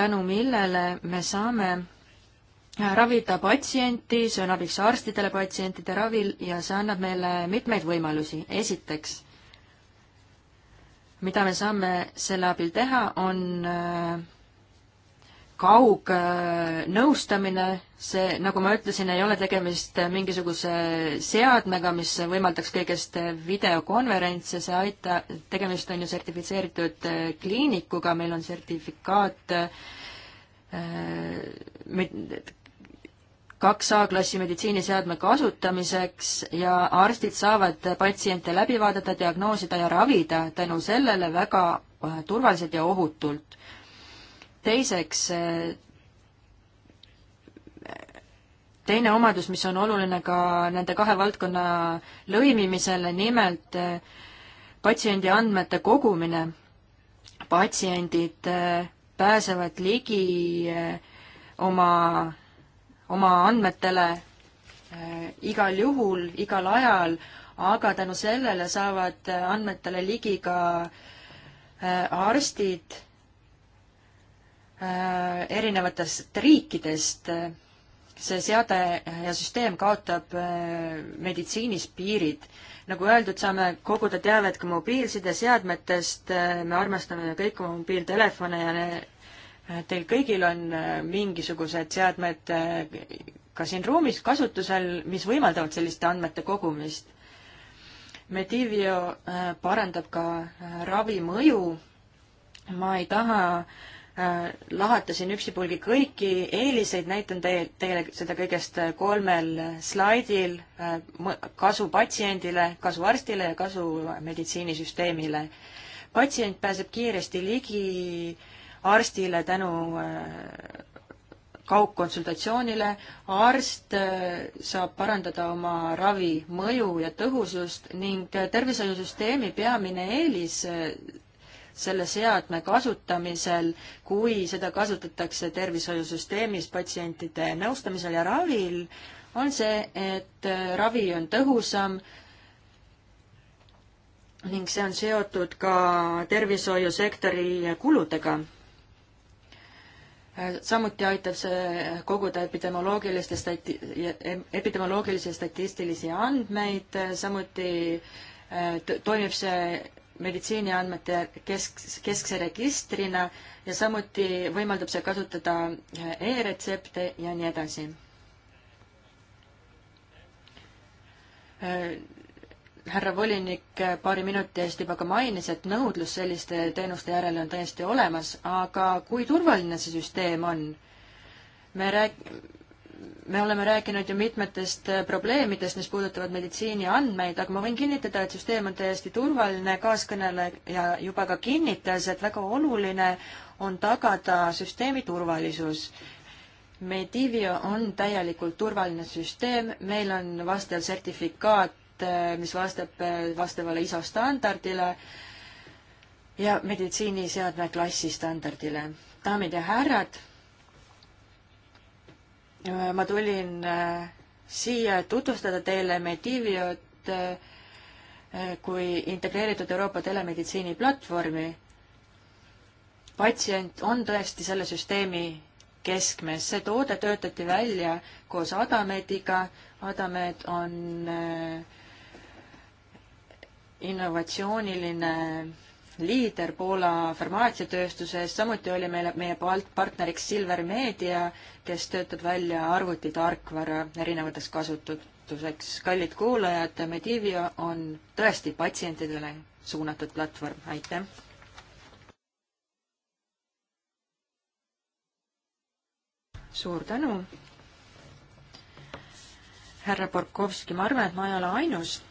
tänu millele me saame äh, ravida patsienti, see on abiks arstidele patsientide ravil ja see annab meile mitmeid võimalusi. esiteks, mida me saame selle abil teha, on äh, kaugnõustamine, äh, see, nagu ma ütlesin, ei ole tegemist mingisuguse seadmega, mis võimaldaks kõigest videokonverentse, see aita-, tegemist on ju sertifitseeritud äh, kliinikuga, meil on sertifikaat äh, kaks A-klassi meditsiiniseadme kasutamiseks ja arstid saavad patsiente läbi vaadata, diagnoosida ja ravida tänu sellele väga turvaliselt ja ohutult teiseks, teine omadus, mis on oluline ka nende kahe valdkonna lõimimisele, nimelt eh, patsiendi andmete kogumine. patsiendid eh, pääsevad ligi eh, oma, oma andmetele igal juhul, igal ajal, aga tänu sellele saavad andmetele ligi ka arstid Äh, erinevatest riikidest. see seade ja süsteem kaotab äh, meditsiinis piirid. nagu öeldud, saame koguda teavet ka mobiilsideseadmetest, äh, me armastame kõik oma mobiiltelefone ja ne, teil kõigil on mingisugused seadmed ka siin ruumis kasutusel, mis võimaldavad selliste andmete kogumist. Medivio parandab ka ravi mõju. ma ei taha äh, Äh, lahatasin üksipulgi kõiki eeliseid, näitan teie, teile seda kõigest äh, kolmel slaidil, äh, kasu patsiendile, kasu arstile ja kasu meditsiinisüsteemile. patsient pääseb kiiresti ligi arstile tänu kaugkonsultatsioonile, arst saab parandada oma ravi mõju ja tõhusust ning tervishoiusüsteemi peamine eelis selle seadme kasutamisel, kui seda kasutatakse tervishoiusüsteemis patsientide nõustamisel ja ravil, on see, et äh, ravi on tõhusam ning see on seotud ka tervishoiusektori kuludega äh, samuti aitab see koguda epidemioloogiliste stati-, epidemioloogilisi statistilisi andmeid, äh, samuti toimib see meditsiiniandmete kesk, keskse registrina ja samuti võimaldab see kasutada äh, e-retsepte ja nii edasi. Äh, härra volinik äh, paari minuti eest juba ka mainis, et nõudlus selliste teenuste järele on täiesti olemas, aga kui turvaline see süsteem on? me rääg-, me oleme rääkinud ju mitmetest äh, probleemidest, mis puudutavad meditsiiniandmeid, aga ma võin kinnitada, et süsteem on täiesti turvaline, kaaskõneleja juba ka kinnitas, et väga oluline on tagada süsteemi turvalisus. Medivio on täielikult turvaline süsteem, meil on vastav sertifikaat, äh, mis vastab äh, vastavale ISO standardile ja meditsiiniseadme klassi standardile. daamid ja härrad ma tulin äh, siia, et tutvustada teile Mediviot äh, kui integreeritud Euroopa telemeditsiini platvormi. patsient on tõesti selle süsteemi keskmes, see toode töötati välja koos Adamediga, Adamed on äh, innovatsiooniline liider Poola farmaatsiatööstuses, samuti oli meile, meie partneriks Silver Media, kes töötab välja arvutitarkvara erinevates kasutuseks. kallid kuulajad, Medivio on tõesti patsientidele suunatud platvorm, aitäh! suur tänu! härra Borkovski, ma arvan, et ma ei ole ainus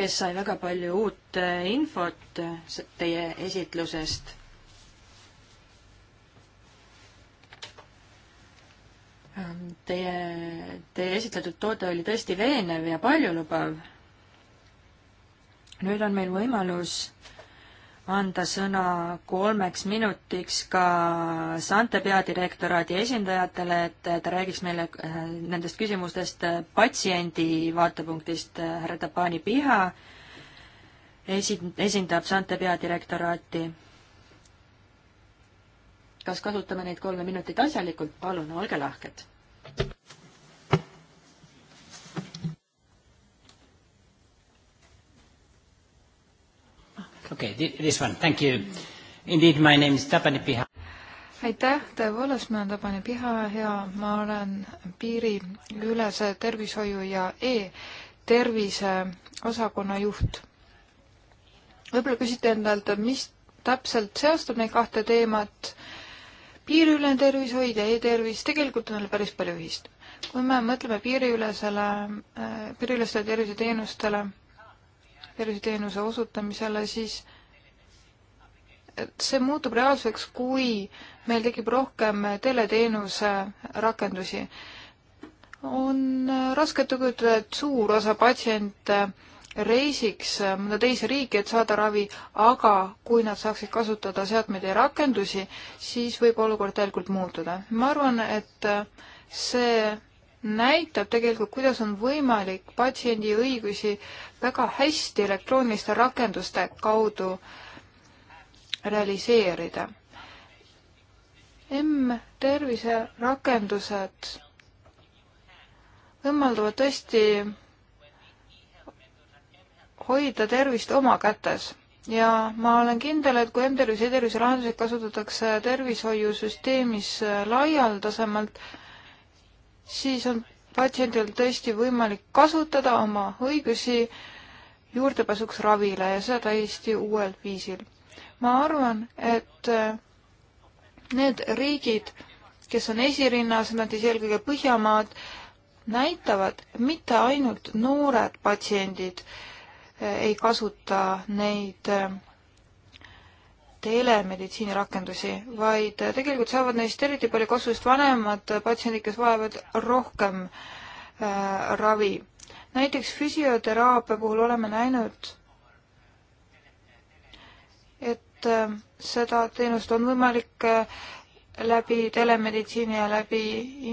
kes sai väga palju uut äh, infot äh, teie esitlusest. Ähm, teie, teie esitletud toode oli tõesti veenev ja paljulubav. nüüd on meil võimalus äh, anda sõna kolmeks minutiks ka Sante peadirektoraadi esindajatele, et ta räägiks meile äh, nendest küsimustest patsiendi vaatepunktist. härra Tapani Piha esi-, esindab Sante peadirektoraati. kas kasutame neid kolme minutit asjalikult, palun, olge lahked! okei okay,, this one, thank you. Indeed, my name is Tapani Piha. aitäh, tõepoolest, mina olen Tapani Piha ja ma olen piiriülese tervishoiu ja e-tervise osakonna juht. võib-olla küsite endalt, mis täpselt seostab neid kahte teemat, piiriülene tervishoid ja e-tervis, tegelikult on neil päris palju ühist. kui me mõtleme piiriülesele, äh, piiriülestele terviseteenustele, terviseteenuse osutamisele, siis see muutub reaalsuseks, kui meil tekib rohkem teleteenuse rakendusi. on raske ette kujutada, et suur osa patsiente reisiks mõnda teise riiki, et saada ravi, aga kui nad saaksid kasutada seadmeid ja rakendusi, siis võib olukord täielikult muutuda. ma arvan, et see näitab tegelikult, kuidas on võimalik patsiendi õigusi väga hästi elektrooniliste rakenduste kaudu realiseerida. M-tervise rakendused võimaldavad tõesti hoida tervist oma kätes ja ma olen kindel, et kui M-tervise ja terviselahenduseid kasutatakse tervishoiusüsteemis laialdasemalt, siis on patsiendil tõesti võimalik kasutada oma õigusi juurdepääsuks ravile ja seda täiesti uuel viisil. ma arvan, et äh, need riigid, kes on esirinnas, nad siis eelkõige Põhjamaad, näitavad, mitte ainult noored patsiendid äh, ei kasuta neid äh, telemeditsiini rakendusi, vaid tegelikult saavad neist eriti palju kasu just vanemad patsiendid, kes vajavad rohkem äh, ravi. näiteks füsioteraapia puhul oleme näinud, et äh, seda teenust on võimalik äh, läbi telemeditsiini ja läbi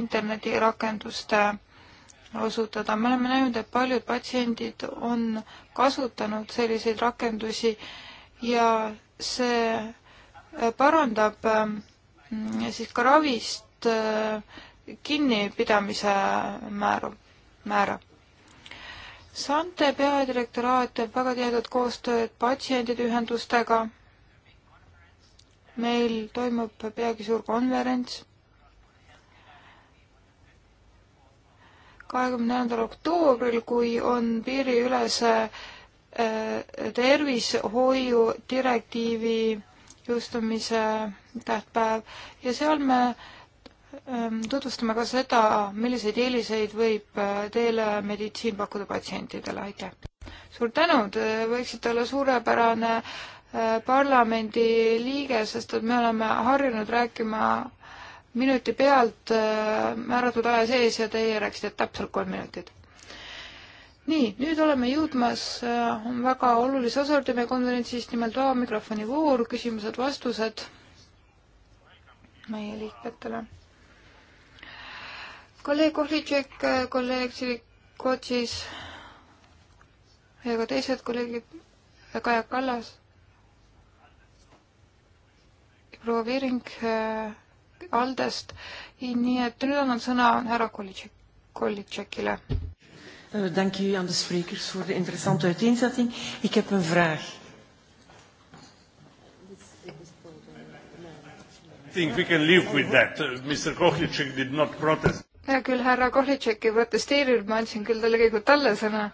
internetirakenduste osutada. me oleme näinud, et paljud patsiendid on kasutanud selliseid rakendusi äh, ja see äh, parandab ähm, siis ka ravist äh, kinnipidamise määru, määra. Sante peadirektoraat teeb väga tihedat koostööd patsientide ühendustega. meil toimub peagi suur konverents. kahekümne neljandal oktoobril, kui on piiriülese äh, Äh, tervishoiu direktiivi jõustumise tähtpäev ja seal me ähm, tutvustame ka seda, milliseid eeliseid võib äh, telemeditsiin pakkuda patsientidele, aitäh! suur tänu, te võiksite olla suurepärane äh, parlamendi liige, sest et me oleme harjunud rääkima minuti pealt määratud aja sees ja teie rääkisite täpselt kolm minutit nii, nüüd oleme jõudmas äh, väga olulise osaldi meie konverentsist, nimelt vaba mikrofoni voor, küsimused-vastused meie liikmetele. kolleeg Ohlitšek, kolleeg Tširikotšis ja ka teised kolleegid, Kaja Kallas, proua Viring äh, Aldest, nii et nüüd annan sõna härra Kolitšek, Kolitšekile. Eh, dank u aan de sprekers voor de interessante uiteenzetting. Ik heb een vraag. think we can live with that. Eh, Mr. Kohlitschek did not protest. hea küll, härra Kohlitšek ei protesteerinud, ma andsin küll talle kõigepealt talle sõna.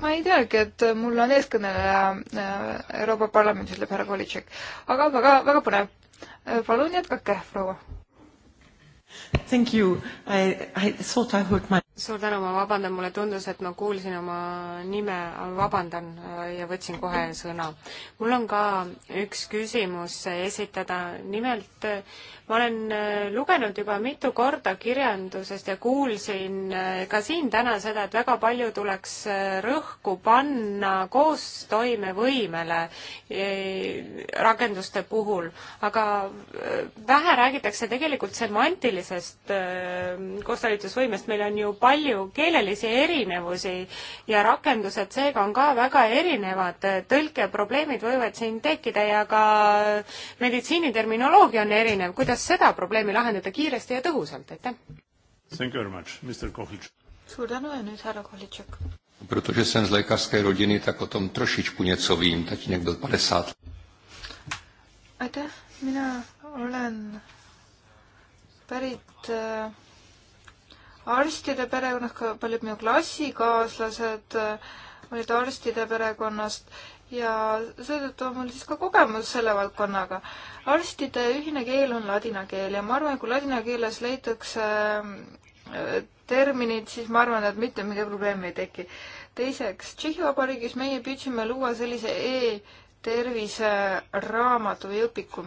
ma ei teagi, et mul on eeskõneleja eh, Euroopa Parlamendis, ütleb härra Kohlitšek. aga väga, väga põnev. palun jätkake, proua Thank you. I, I thought I heard my suur tänu, ma vabandan, mulle tundus, et ma kuulsin oma nime, vabandan äh, ja võtsin kohe sõna. mul on ka üks küsimus esitada, nimelt ma olen äh, lugenud juba mitu korda kirjandusest ja kuulsin äh, ka siin täna seda, et väga palju tuleks rõhku panna koostoimevõimele rakenduste puhul, aga vähe räägitakse tegelikult semantilisest koostalitusvõimest, meil on ju palju palju keelelisi erinevusi ja rakendused seega on ka väga erinevad. tõlkeprobleemid võivad siin tekkida ja ka meditsiiniterminoloogia on erinev. kuidas seda probleemi lahendada kiiresti ja tõhusalt, aitäh! Suur tänu ja nüüd härra Kohlitšek. Protože jsem z lékařské rodiny, tak o tom trošičku něco vím. Tatínek byl 50. Aitäh, mina olen pärit eh, arstide perekonnast, ka paljud minu klassikaaslased äh, olid arstide perekonnast ja seetõttu on mul siis ka kogemus selle valdkonnaga. arstide ühine keel on ladina keel ja ma arvan, kui ladina keeles leitakse äh, terminid, siis ma arvan, et mitte mingit probleemi ei teki. teiseks, Tšehhi Vabariigis meie püüdsime luua sellise e-tervise raamatu või õpiku.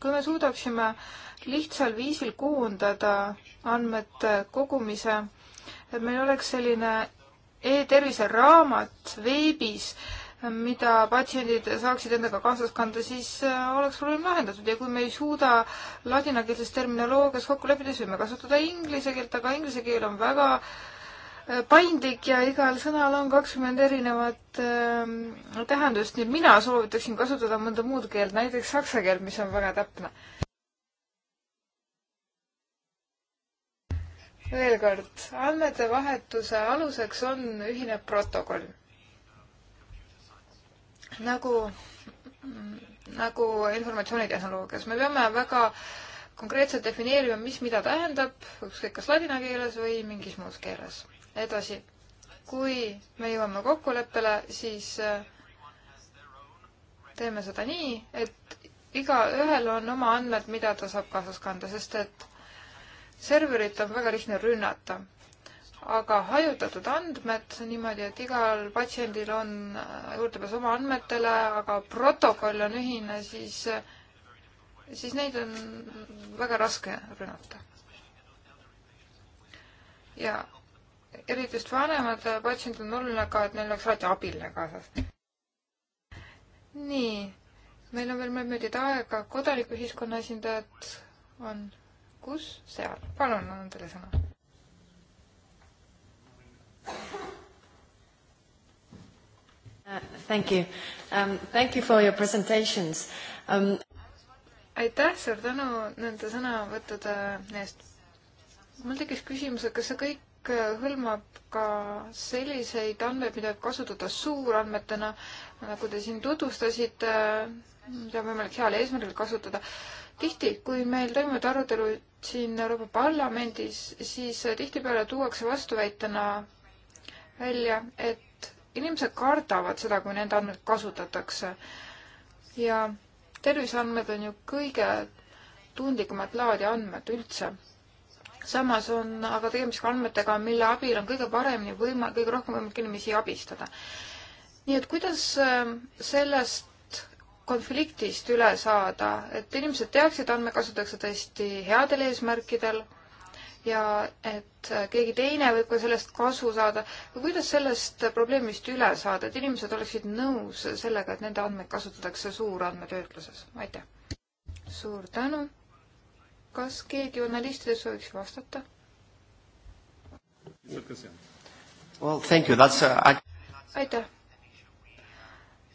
kui me suudaksime äh, lihtsal viisil koondada andmete kogumise, et meil oleks selline e-tervise raamat veebis, mida patsiendid saaksid endaga kaasas kanda, siis äh, oleks probleem lahendatud ja kui me ei suuda ladinakeelses terminoloogias kokku leppida, siis võime kasutada inglise keelt, aga inglise keel on väga äh, paindlik ja igal sõnal on kakskümmend erinevat äh, tähendust, nii et mina soovitaksin kasutada mõnda muud keelt, näiteks saksa keelt, mis on väga täpne. veel kord, andmete vahetuse aluseks on ühine protokoll. nagu, nagu informatsioonitehnoloogias, me peame väga konkreetselt defineerima, mis mida tähendab, ükskõik kas ladina keeles või mingis muus keeles. edasi, kui me jõuame kokkuleppele, siis äh, teeme seda nii, et igaühel on oma andmed, mida ta saab kaasas kanda, sest et serverit on väga lihtne rünnata. aga hajutatud andmed niimoodi, et igal patsiendil on äh, juurdepääs oma andmetele, aga protokoll on ühine, siis, äh, siis neid on väga raske rünnata. ja eriti just vanemad patsiendid on oluline ka, et neil oleks alati abiline kaasas. nii, meil on veel mõned minutid aega, kodanikuühiskonna esindajad on kus seal. palun, annan teile sõna. Uh, thank you um,. Thank you for your presentations um.... aitäh, suur tänu nende sõnavõttude eest. mul tekkis küsimus, et kas see kõik äh, hõlmab ka selliseid andmeid, mida võib kasutada suurandmetena, nagu te siin tutvustasite, äh, mida on võimalik heal eesmärgil kasutada tihti, kui meil toimuvad arutelud siin Euroopa Parlamendis, siis äh, tihtipeale tuuakse vastuväitena välja, et inimesed kardavad seda, kui nende andmeid kasutatakse. ja terviseandmed on ju kõige tundlikumad laadi andmed üldse. samas on aga tegemist ka andmetega, mille abil on kõige paremini võima-, kõige rohkem võimalik inimesi abistada. nii et kuidas äh, sellest konfliktist üle saada, et inimesed teaksid, andme kasutatakse tõesti headel eesmärkidel ja et keegi teine võib ka sellest kasu saada. kuidas sellest probleemist üle saada, et inimesed oleksid nõus sellega, et nende andmeid kasutatakse suurandmetöötluses? aitäh! suur tänu! kas keegi journalistidest sooviks vastata? Well, thank you, that's uh, I... aitäh!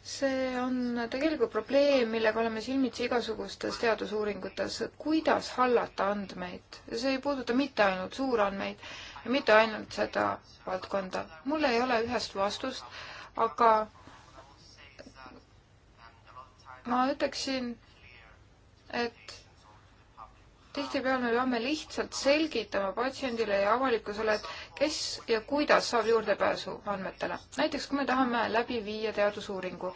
see on tegelikult probleem, millega oleme silmitsi igasugustes teadusuuringutes, kuidas hallata andmeid. see ei puuduta mitte ainult suurandmeid ja mitte ainult seda valdkonda. mul ei ole ühest vastust, aga ma ütleksin, et tihtipeale me peame lihtsalt selgitama patsiendile ja avalikkusele, et kes ja kuidas saab juurdepääsu andmetele. näiteks kui me tahame läbi viia teadusuuringu,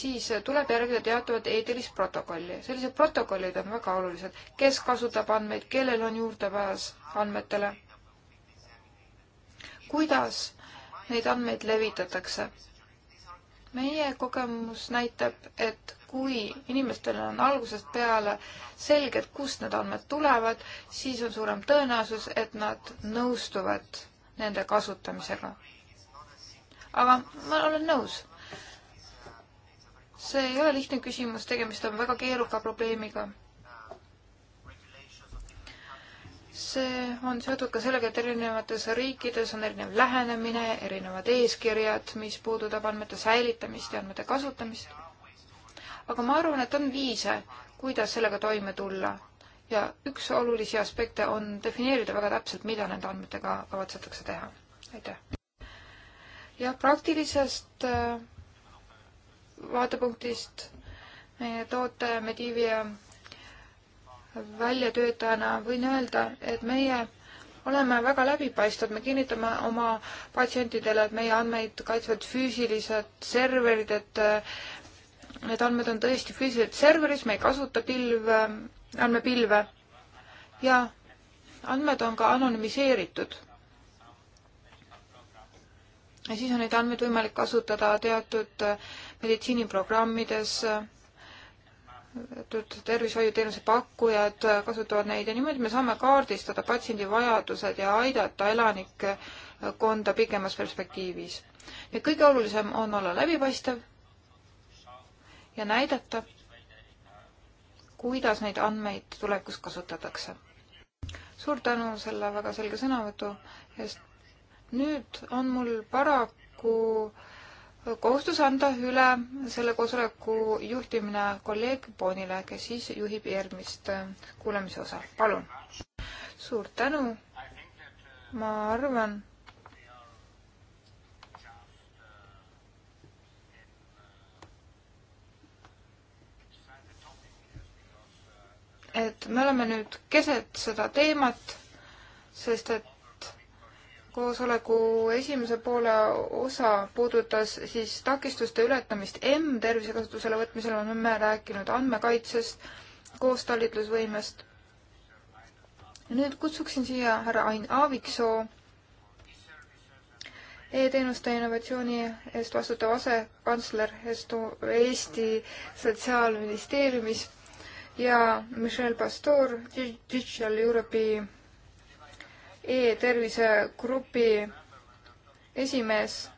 siis tuleb järgida teatavat eetilist protokolli. sellised protokollid on väga olulised. kes kasutab andmeid, kellel on juurdepääs andmetele, kuidas neid andmeid levitatakse. meie kogemus näitab, et kui inimestel on algusest peale selged, kust need andmed tulevad, siis on suurem tõenäosus, et nad nõustuvad nende kasutamisega. aga ma olen nõus. see ei ole lihtne küsimus, tegemist on väga keeruka probleemiga. see on seotud ka sellega, et erinevates riikides on erinev lähenemine, erinevad eeskirjad, mis puudutab andmete säilitamist ja andmete kasutamist aga ma arvan, et on viise, kuidas sellega toime tulla. ja üks olulisi aspekte on defineerida väga täpselt, mida nende andmetega kavatsetakse teha. aitäh! jah, praktilisest äh, vaatepunktist meie toote Medivia väljatöötajana võin öelda, et meie oleme väga läbipaistvad, me kinnitame oma patsientidele, et meie andmeid kaitsevad füüsilised serverid, et äh, Need andmed on tõesti füüsiliselt serveris, me ei kasuta pilve, andmepilve ja andmed on ka anonüümiseeritud. ja siis on neid andmeid võimalik kasutada teatud äh, meditsiiniprogrammides, äh, teatud tervishoiuteenuse pakkujad äh, kasutavad neid ja niimoodi me saame kaardistada patsiendi vajadused ja aidata elanikkonda pikemas perspektiivis. ja kõige olulisem on olla läbipaistev ja näidata, kuidas neid andmeid tulevikus kasutatakse. suur tänu selle väga selge sõnavõtu eest. nüüd on mul paraku kohustus anda üle selle koosoleku juhtimine kolleeg Bonile, kes siis juhib järgmist äh, kuulamise osa. palun. suur tänu. ma arvan et me oleme nüüd keset seda teemat, sest et koosoleku esimese poole osa puudutas siis takistuste ületamist M-tervise kasutusele võtmisel, oleme me rääkinud andmekaitsest, koostalitlusvõimest. nüüd kutsuksin siia härra Ain Aaviksoo e-teenuste innovatsiooni eest vastutav asekantsler Eesti Sotsiaalministeeriumis ja Michel Pastor Digital Europe'i e-tervise grupi esimees.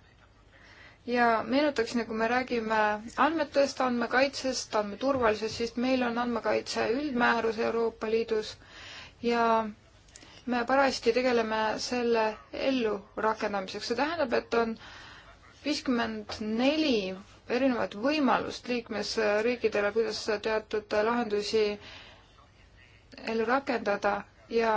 ja meenutaksin, et kui me räägime andmetest, andmekaitsest, andmeturvalisusest, siis meil on andmekaitse üldmäärus Euroopa Liidus ja me parajasti tegeleme selle ellurakendamiseks. see tähendab, et on viiskümmend neli erinevat võimalust liikmesriikidele, kuidas teatud lahendusi ellu rakendada ja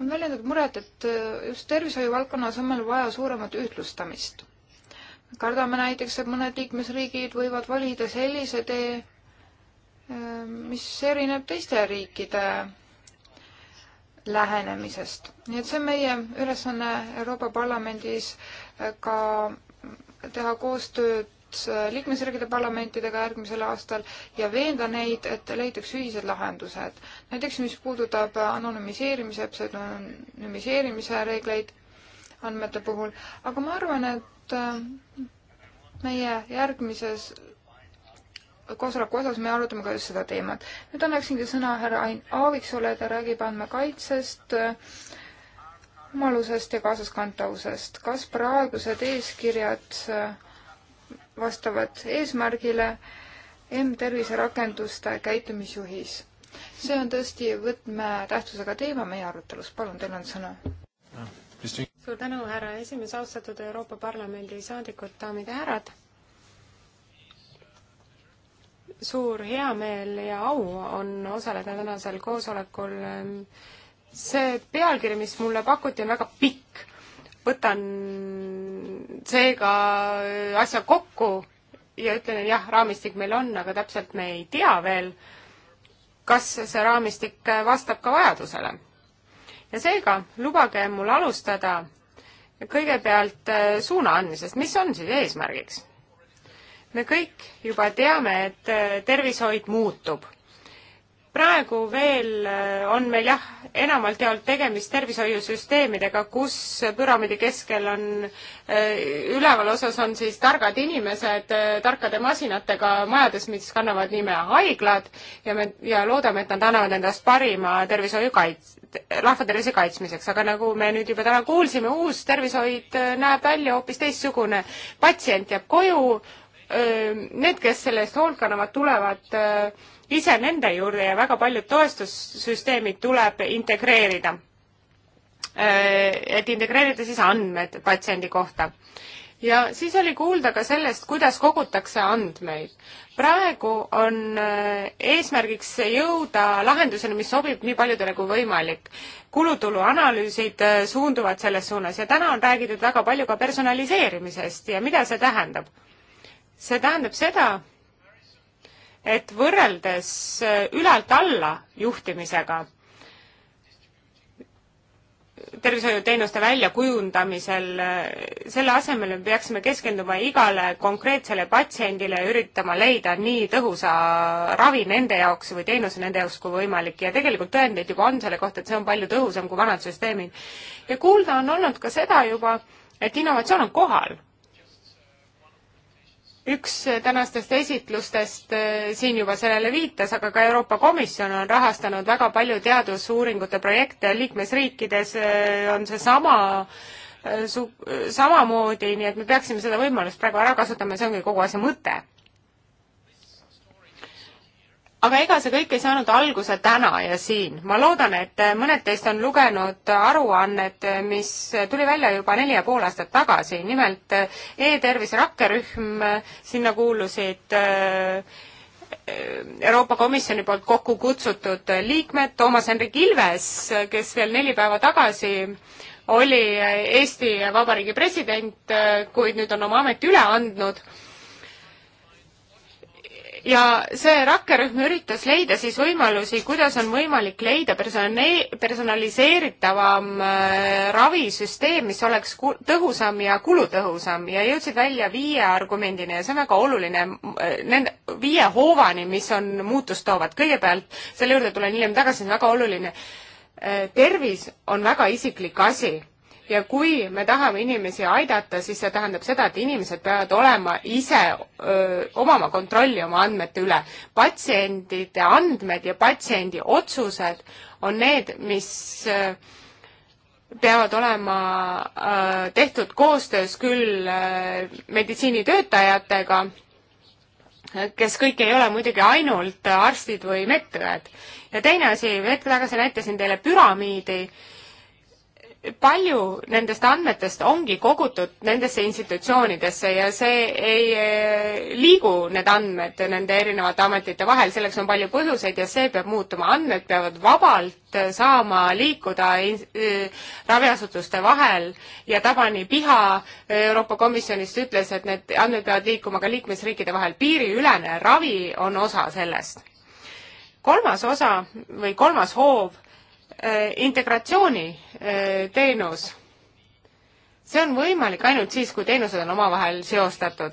on väljendatud muret, et just tervishoiu valdkonnas on meil vaja suuremat ühtlustamist. kardame näiteks, et mõned liikmesriigid võivad valida sellise tee, mis erineb teiste riikide lähenemisest. nii et see on meie ülesanne Euroopa Parlamendis ka teha koostööd liikmesriikide parlamentidega järgmisel aastal ja veenda neid, et leitaks ühised lahendused. näiteks mis puudutab anonüümiseerimise, pseudonüümiseerimise reegleid andmete puhul, aga ma arvan, et äh, meie järgmises koosoleku osas me arutame ka just seda teemat. nüüd annaksingi sõna härra Ain Aaviksoole, ta räägib andmekaitsest äh, omalusest ja kaasaskantavusest. kas praegused eeskirjad äh, vastavad eesmärgile M-tervise rakenduste käitumisjuhis? see on tõesti võtmetähtsusega teema meie arutelus, palun, teil on sõna. suur tänu, härra esimees, austatud Euroopa Parlamendi saadikud, daamid ja härrad. suur heameel ja au on osaleda tänasel koosolekul ähm, see pealkiri, mis mulle pakuti, on väga pikk. võtan seega asja kokku ja ütlen, et jah, raamistik meil on, aga täpselt me ei tea veel, kas see raamistik vastab ka vajadusele. ja seega lubage mul alustada kõigepealt suuna andmisest, mis on siis eesmärgiks? me kõik juba teame, et tervishoid muutub praegu veel äh, on meil jah, enamalt jaolt tegemist tervishoiusüsteemidega, kus püramiidi keskel on, äh, üleval osas on siis targad inimesed äh, tarkade masinatega majades, mis kannavad nime haiglad ja me, ja loodame, et nad annavad endast parima tervishoiu kaits-, rahvatervise kaitsmiseks, aga nagu me nüüd juba täna kuulsime, uus tervishoid näeb välja hoopis teistsugune. patsient jääb koju, need, kes selle eest hoolt kannavad, tulevad öö, ise nende juurde ja väga paljud toetussüsteemid tuleb integreerida. Äh, et integreerida siis andmed patsiendi kohta. ja siis oli kuulda ka sellest, kuidas kogutakse andmeid. praegu on äh, eesmärgiks jõuda lahenduseni, mis sobib nii paljudele kui võimalik. kulutulu analüüsid äh, suunduvad selles suunas ja täna on räägitud väga palju ka personaliseerimisest ja mida see tähendab? see tähendab seda, et võrreldes äh, ülalt alla juhtimisega tervishoiuteenuste väljakujundamisel, äh, selle asemel me peaksime keskenduma igale konkreetsele patsiendile ja üritama leida nii tõhusa ravi nende jaoks või teenuse nende jaoks kui võimalik ja tegelikult tõendeid juba on selle kohta, et see on palju tõhusam kui vanad süsteemid. ja kuulda on olnud ka seda juba, et innovatsioon on kohal üks tänastest esitlustest eh, siin juba sellele viitas, aga ka Euroopa Komisjon on rahastanud väga palju teadusuuringute projekte liikmesriikides, eh, on see sama eh, su-, samamoodi, nii et me peaksime seda võimalust praegu ära kasutama, see ongi kogu asja mõte aga ega see kõik ei saanud alguse täna ja siin. ma loodan, et mõned teist on lugenud aruannet, mis tuli välja juba neli ja pool aastat tagasi, nimelt e-tervise rakkerühm, sinna kuulusid äh, Euroopa Komisjoni poolt kokku kutsutud liikmed, Toomas Hendrik Ilves, kes veel neli päeva tagasi oli Eesti Vabariigi president, kuid nüüd on oma ameti üle andnud ja see rakkerühm üritas leida siis võimalusi, kuidas on võimalik leida persone-, personaliseeritavam äh, ravisüsteem, mis oleks tõhusam ja kulutõhusam ja jõudsid välja viie argumendini ja see on väga oluline, äh, nende viie hoovani, mis on muutust toovad. kõigepealt, selle juurde tulen hiljem tagasi, see on väga oluline, äh, tervis on väga isiklik asi ja kui me tahame inimesi aidata, siis see tähendab seda, et inimesed peavad olema ise, omama kontrolli oma andmete üle. patsientide andmed ja patsiendi otsused on need, mis öö, peavad olema öö, tehtud koostöös küll öö, meditsiinitöötajatega, kes kõik ei ole muidugi ainult arstid või medõed. ja teine asi, hetk tagasi näitasin teile püramiidi, palju nendest andmetest ongi kogutud nendesse institutsioonidesse ja see ei eh, liigu, need andmed nende erinevate ametite vahel, selleks on palju põhjuseid ja see peab muutuma, andmed peavad vabalt saama liikuda eh, raviasutuste vahel ja Tabani Piha eh, Euroopa Komisjonist ütles, et need andmed peavad liikuma ka liikmesriikide vahel, piiriülene ravi on osa sellest. kolmas osa või kolmas hoov Äh, integratsiooniteenus, äh, see on võimalik ainult siis, kui teenused on omavahel seostatud.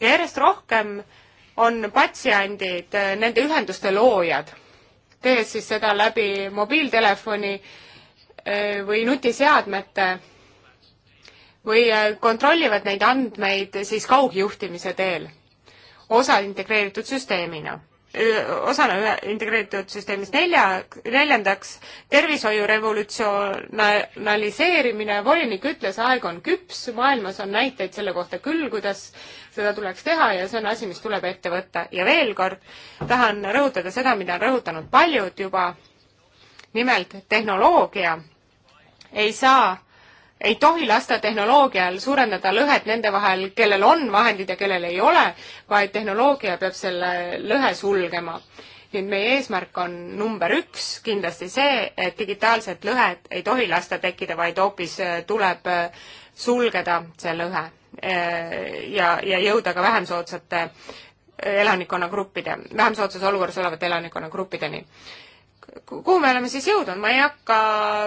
ja järjest rohkem on patsiendid äh, nende ühenduste loojad, tehes siis seda läbi mobiiltelefoni või nutiseadmete või kontrollivad neid andmeid siis kaugjuhtimise teel osa integreeritud süsteemina osana ühe integreeritud süsteemist. nelja, neljandaks, tervishoiu revolutsionaliseerimine, volinik ütles, aeg on küps, maailmas on näiteid selle kohta küll, kuidas seda tuleks teha ja see on asi, mis tuleb ette võtta. ja veel kord tahan rõhutada seda, mida on rõhutanud paljud juba, nimelt tehnoloogia ei saa ei tohi lasta tehnoloogial suurendada lõhet nende vahel, kellel on vahendid ja kellel ei ole, vaid tehnoloogia peab selle lõhe sulgema. nii et meie eesmärk on number üks kindlasti see, et digitaalset lõhet ei tohi lasta tekkida, vaid hoopis äh, tuleb äh, sulgeda see lõhe äh, ja, ja jõuda ka vähem soodsate elanikkonnagruppide, vähem soodsas olukorras olevate elanikkonnagruppideni kuhu me oleme siis jõudnud, ma ei hakka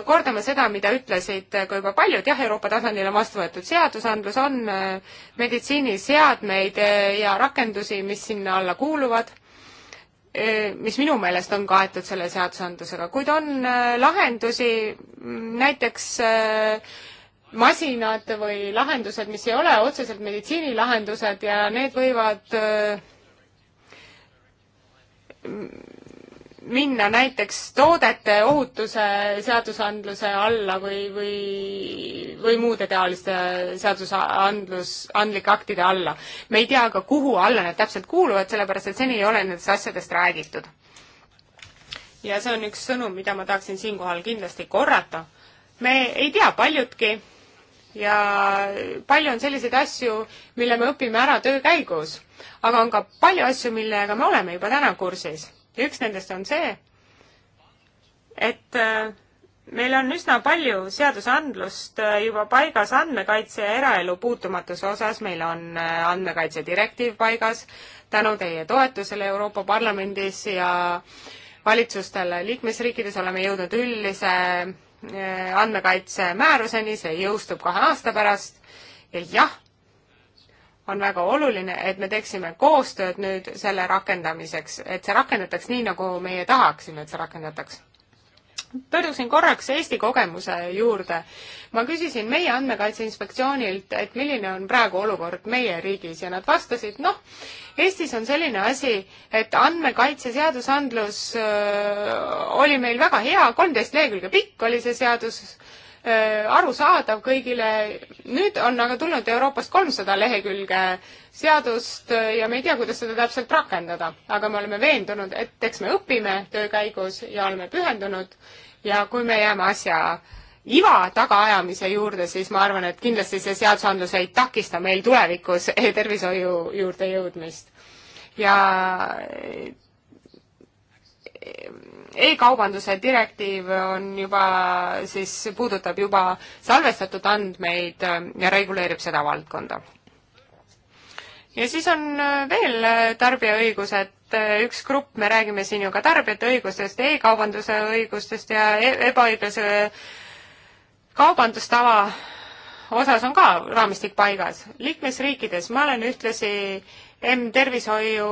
kordama seda, mida ütlesid ka juba paljud, jah, Euroopa tasandil on vastu võetud seadusandlus, on äh, meditsiiniseadmeid äh, ja rakendusi, mis sinna alla kuuluvad, äh, mis minu meelest on kaetud selle seadusandlusega, kuid on lahendusi, mm, näiteks masinad või lahendused, mis ei ole otseselt meditsiinilahendused ja need võivad mm, minna näiteks toodete ohutuse seadusandluse alla või, või, või muude taoliste seadusandlus, andlike aktide alla. me ei tea ka, kuhu alla need täpselt kuuluvad, sellepärast et seni ei ole nendest asjadest räägitud. ja see on üks sõnum, mida ma tahaksin siinkohal kindlasti korrata. me ei tea paljutki ja palju on selliseid asju, mille me õpime ära töö käigus. aga on ka palju asju, millega me oleme juba täna kursis ja üks nendest on see, et äh, meil on üsna palju seadusandlust äh, juba paigas andmekaitse ja eraelu puutumatuse osas, meil on äh, andmekaitse direktiiv paigas tänu teie toetusele Euroopa Parlamendis ja valitsustele liikmesriikides oleme jõudnud üldise andmekaitse määruseni, see jõustub kahe aasta pärast ja jah, on väga oluline, et me teeksime koostööd nüüd selle rakendamiseks, et see rakendataks nii, nagu meie tahaksime, et see rakendataks. pöörduksin korraks Eesti kogemuse juurde. ma küsisin meie Andmekaitse Inspektsioonilt, et milline on praegu olukord meie riigis ja nad vastasid, noh, Eestis on selline asi, et andmekaitse seadusandlus öö, oli meil väga hea, kolmteist lehekülge pikk oli see seadus Äh, arusaadav kõigile. nüüd on aga tulnud Euroopast kolmsada lehekülge seadust äh, ja me ei tea, kuidas seda täpselt rakendada, aga me oleme veendunud, et eks me õpime töö käigus ja oleme pühendunud ja kui me jääme asja iva tagaajamise juurde, siis ma arvan, et kindlasti see seadusandlus ei takista meil tulevikus e-tervishoiu juurde jõudmist. ja e-kaubanduse direktiiv on juba siis, puudutab juba salvestatud andmeid äh, ja reguleerib seda valdkonda. ja siis on äh, veel äh, tarbijaõigused, üks grupp, me räägime siin ju ka tarbijate õigustest e, e-kaubanduse õigustest ja e ebaõiglase kaubandustava osas on ka raamistik paigas. liikmesriikides ma olen ühtlasi M-tervishoiu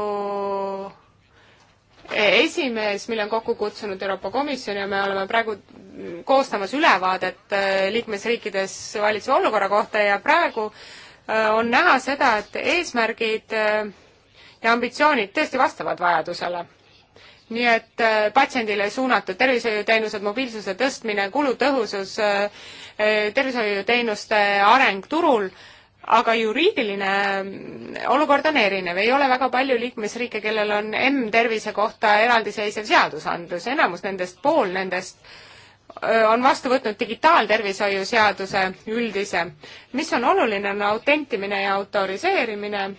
esimees, mille on kokku kutsunud Euroopa Komisjon ja me oleme praegu koostamas ülevaadet äh, liikmesriikides valitseva olukorra kohta ja praegu äh, on näha seda, et eesmärgid äh, ja ambitsioonid tõesti vastavad vajadusele. nii et patsiendile suunatud tervishoiuteenused, mobiilsuse tõstmine, kulutõhusus, tervishoiuteenuste areng turul aga juriidiline mm, olukord on erinev, ei ole väga palju liikmesriike, kellel on M-tervise kohta eraldiseisev seadusandlus, enamus nendest, pool nendest äh, on vastu võtnud digitaaltervishoiu seaduse üldise. mis on oluline, on autentimine ja autoriseerimine.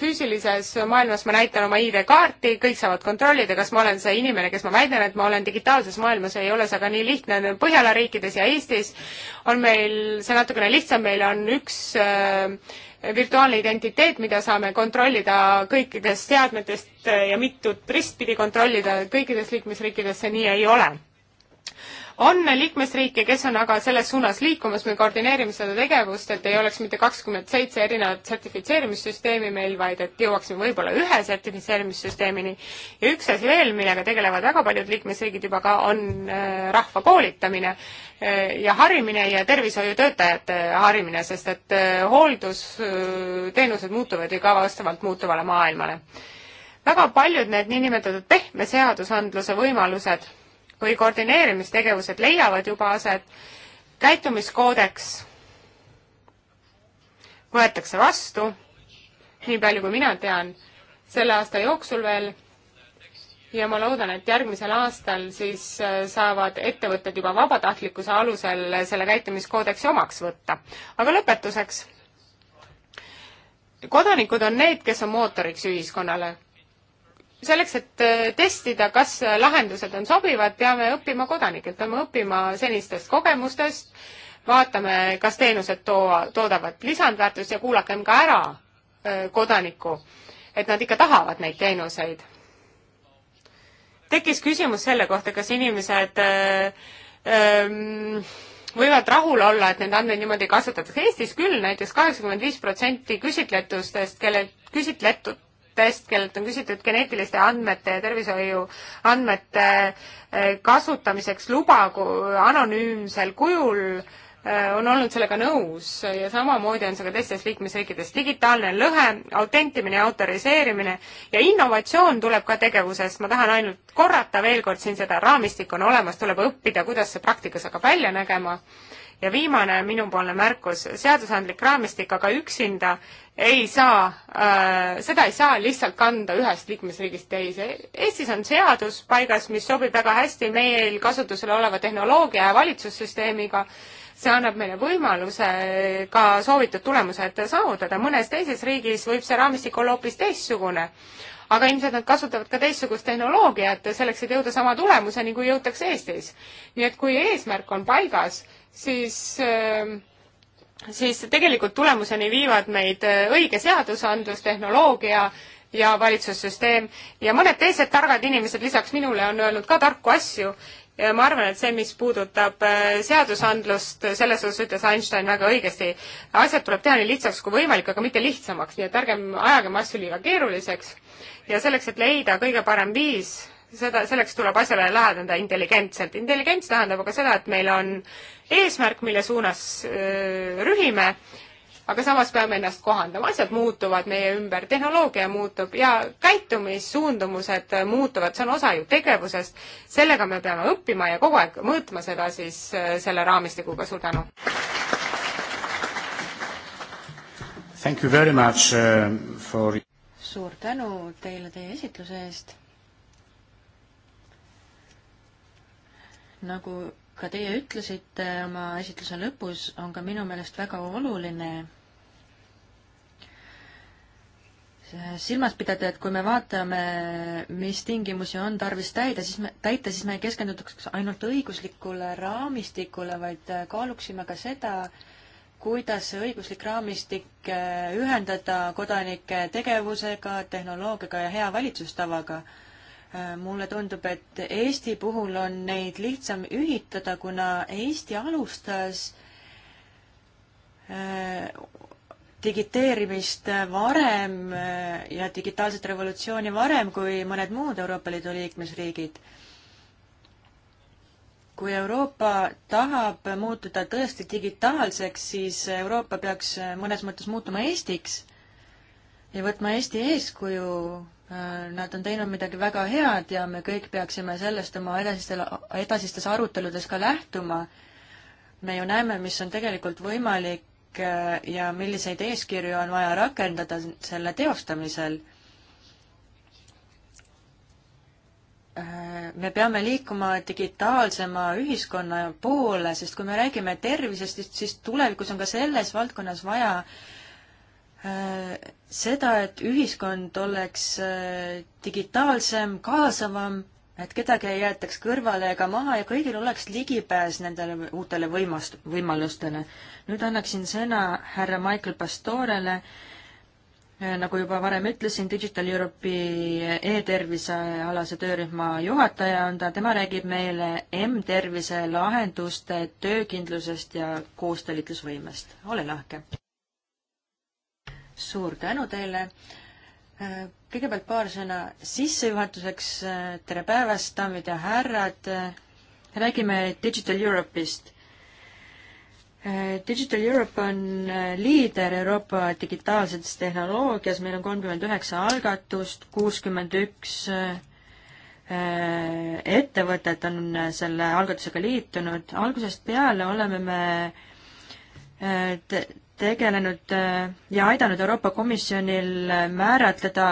füüsilises maailmas ma näitan oma ID-kaarti, kõik saavad kontrollida, kas ma olen see inimene, kes ma väidan, et ma olen digitaalses maailmas, ei ole see aga nii lihtne. Põhjala riikides ja Eestis on meil see natukene lihtsam, meil on üks äh, virtuaalne identiteet, mida saame kontrollida kõikidest seadmetest ja mitut ristpidi kontrollida, kõikides liikmesriikides see nii ei ole on liikmesriike, kes on aga selles suunas liikumas, me koordineerime seda tegevust, et ei oleks mitte kakskümmend seitse erinevat sertifitseerimissüsteemi meil, vaid et jõuaksime võib-olla ühe sertifitseerimissüsteemini. ja üks asi veel, millega tegelevad väga paljud liikmesriigid juba ka, on äh, rahva koolitamine äh, ja harimine ja tervishoiutöötajate harimine, sest et äh, hooldusteenused muutuvad ju ka vastavalt muutuvale maailmale. väga paljud need niinimetatud pehme seadusandluse võimalused või koordineerimistegevused leiavad juba aset, käitumiskoodeks võetakse vastu, nii palju kui mina tean, selle aasta jooksul veel ja ma loodan, et järgmisel aastal siis äh, saavad ettevõtted juba vabatahtlikkuse alusel selle käitumiskoodeksi omaks võtta. aga lõpetuseks. kodanikud on need, kes on mootoriks ühiskonnale selleks, et äh, testida, kas äh, lahendused on sobivad, peame õppima kodanikelt, peame õppima senistest kogemustest, vaatame, kas teenused too-, toodavad lisandväärtust ja kuulakem ka ära äh, kodanikku, et nad ikka tahavad neid teenuseid. tekkis küsimus selle kohta, kas inimesed öö, öö, ähm, võivad rahul olla, et neid andmeid niimoodi kasutatakse. Eestis küll näiteks kaheksakümmend viis protsenti küsitletustest, kelle, küsitletud test, kellelt on küsitud geneetiliste andmete ja tervishoiu andmete eh, kasutamiseks luba anonüümsel kujul, eh, on olnud sellega nõus ja samamoodi on see ka teistes liikmesriikides. digitaalne lõhe, autentimine ja autoriseerimine ja innovatsioon tuleb ka tegevusest. ma tahan ainult korrata veel kord siin seda, raamistik on olemas, tuleb õppida, kuidas see praktikas hakkab välja nägema ja viimane minupoolne märkus, seadusandlik raamistik aga üksinda ei saa äh,, seda ei saa lihtsalt kanda ühest liikmesriigist teise. Eestis on seadus paigas, mis sobib väga hästi meil kasutusel oleva tehnoloogia ja valitsussüsteemiga. see annab meile võimaluse ka soovitud tulemused saavutada. mõnes teises riigis võib see raamistik olla hoopis teistsugune aga ilmselt nad kasutavad ka teistsugust tehnoloogiat selleks, et jõuda sama tulemuseni, kui jõutakse Eestis. nii et kui eesmärk on paigas, siis ähm, siis tegelikult tulemuseni viivad meid äh, õige seadusandlus, tehnoloogia ja valitsussüsteem ja mõned teised targad inimesed lisaks minule on öelnud ka tarku asju. ja ma arvan, et see, mis puudutab äh, seadusandlust, äh, selles osas ütles Einstein väga õigesti, asjad tuleb teha nii lihtsaks kui võimalik, aga mitte lihtsamaks, nii et ärgem ajagem asju liiga keeruliseks. ja selleks, et leida kõige parem viis seda, selleks tuleb asjale läheneda intelligentselt. intelligents tähendab aga seda, et meil on eesmärk, mille suunas öö, rühime, aga samas peame ennast kohandama, asjad muutuvad meie ümber, tehnoloogia muutub ja käitumissuundumused muutuvad, see on osa ju tegevusest. sellega me peame õppima ja kogu aeg mõõtma seda siis selle raamistikuga, suur tänu! Thank you very much uh, for suur tänu teile teie esitluse eest nagu ka teie ütlesite oma esitluse lõpus, on ka minu meelest väga oluline silmas pidada, et kui me vaatame, mis tingimusi on tarvis täida, siis me, täita, siis me ei keskenduks ainult õiguslikule raamistikule, vaid kaaluksime ka seda, kuidas see õiguslik raamistik eh, ühendada kodanike tegevusega, tehnoloogiaga ja hea valitsustavaga Äh, mulle tundub, et Eesti puhul on neid lihtsam ühitada, kuna Eesti alustas äh, digiteerimist varem äh, ja digitaalset revolutsiooni varem kui mõned muud Euroopa Liidu liikmesriigid. kui Euroopa tahab muutuda tõesti digitaalseks, siis Euroopa peaks mõnes mõttes muutuma Eestiks ja võtma Eesti eeskuju Äh, nad on teinud midagi väga head ja me kõik peaksime sellest oma edasistel, edasistes aruteludes ka lähtuma. me ju näeme, mis on tegelikult võimalik äh, ja milliseid eeskirju on vaja rakendada selle teostamisel. Äh, me peame liikuma digitaalsema ühiskonna poole, sest kui me räägime tervisest, siis tulevikus on ka selles valdkonnas vaja äh, seda, et ühiskond oleks äh, digitaalsem, kaasavam, et kedagi ei jäetaks kõrvale ega maha ja kõigil oleks ligipääs nendele uutele võimast-, võimalustele. nüüd annaksin sõna härra Michael Pastorele, äh, nagu juba varem ütlesin, Digital Europe'i e-tervise alase töörühma juhataja on ta, tema räägib meile M-tervise lahenduste töökindlusest ja koostalitlusvõimest. ole lahke! suur tänu teile. kõigepealt paar sõna sissejuhatuseks. tere päevast, daamid ja härrad. räägime Digital Europe'ist. Digital Europe on liider Euroopa digitaalses tehnoloogias, meil on kolmkümmend üheksa algatust, kuuskümmend üks äh, ettevõtet on selle algatusega liitunud. algusest peale oleme me äh, tegelenud äh, ja aidanud Euroopa Komisjonil äh, määratleda,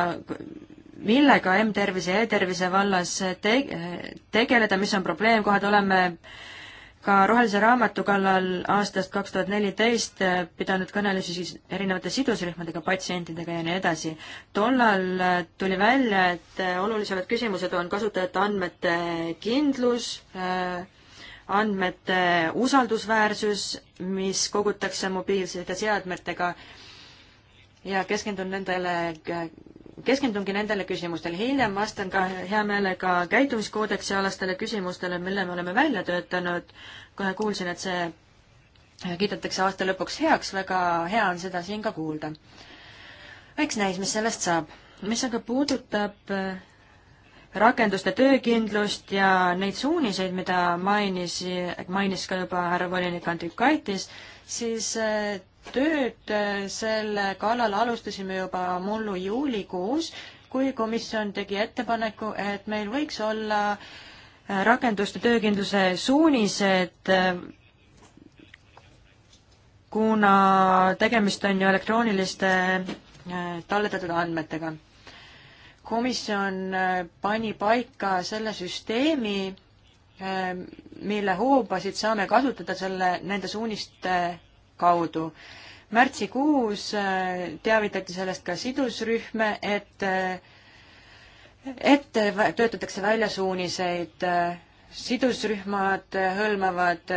millega M-tervise ja e-tervise vallas äh, te-, tegeleda, mis on probleemkohad, oleme ka Rohelise Raamatu kallal aastast kaks tuhat neliteist pidanud kõnelusi siis erinevate sidusrühmadega, patsientidega ja nii edasi. tollal tuli välja, et olulisemad küsimused on kasutajate andmete kindlus äh,, andmete usaldusväärsus, mis kogutakse mobiilsete seadmetega ja keskendun nendele, keskendungi nendele küsimustele. hiljem vastan ka hea meelega käitumiskoodeksi alastele küsimustele, mille me oleme välja töötanud. kohe kuulsin, et see kiidetakse aasta lõpuks heaks, väga hea on seda siin ka kuulda. eks näis, mis sellest saab. mis aga puudutab rakenduste töökindlust ja neid suuniseid, mida mainis, mainis ka juba härra volinik Andrikaitis, siis eh, tööd eh, selle kallal alustasime juba mullu juulikuus, kui komisjon tegi ettepaneku, et meil võiks olla eh, rakenduste töökindluse suunised, kuna tegemist on ju elektrooniliste talletatud andmetega komisjon äh, pani paika selle süsteemi, äh, mille hoobasid saame kasutada selle, nende suuniste kaudu. märtsikuus äh, teavitati sellest ka sidusrühme, et, et töötatakse välja suuniseid. sidusrühmad hõlmavad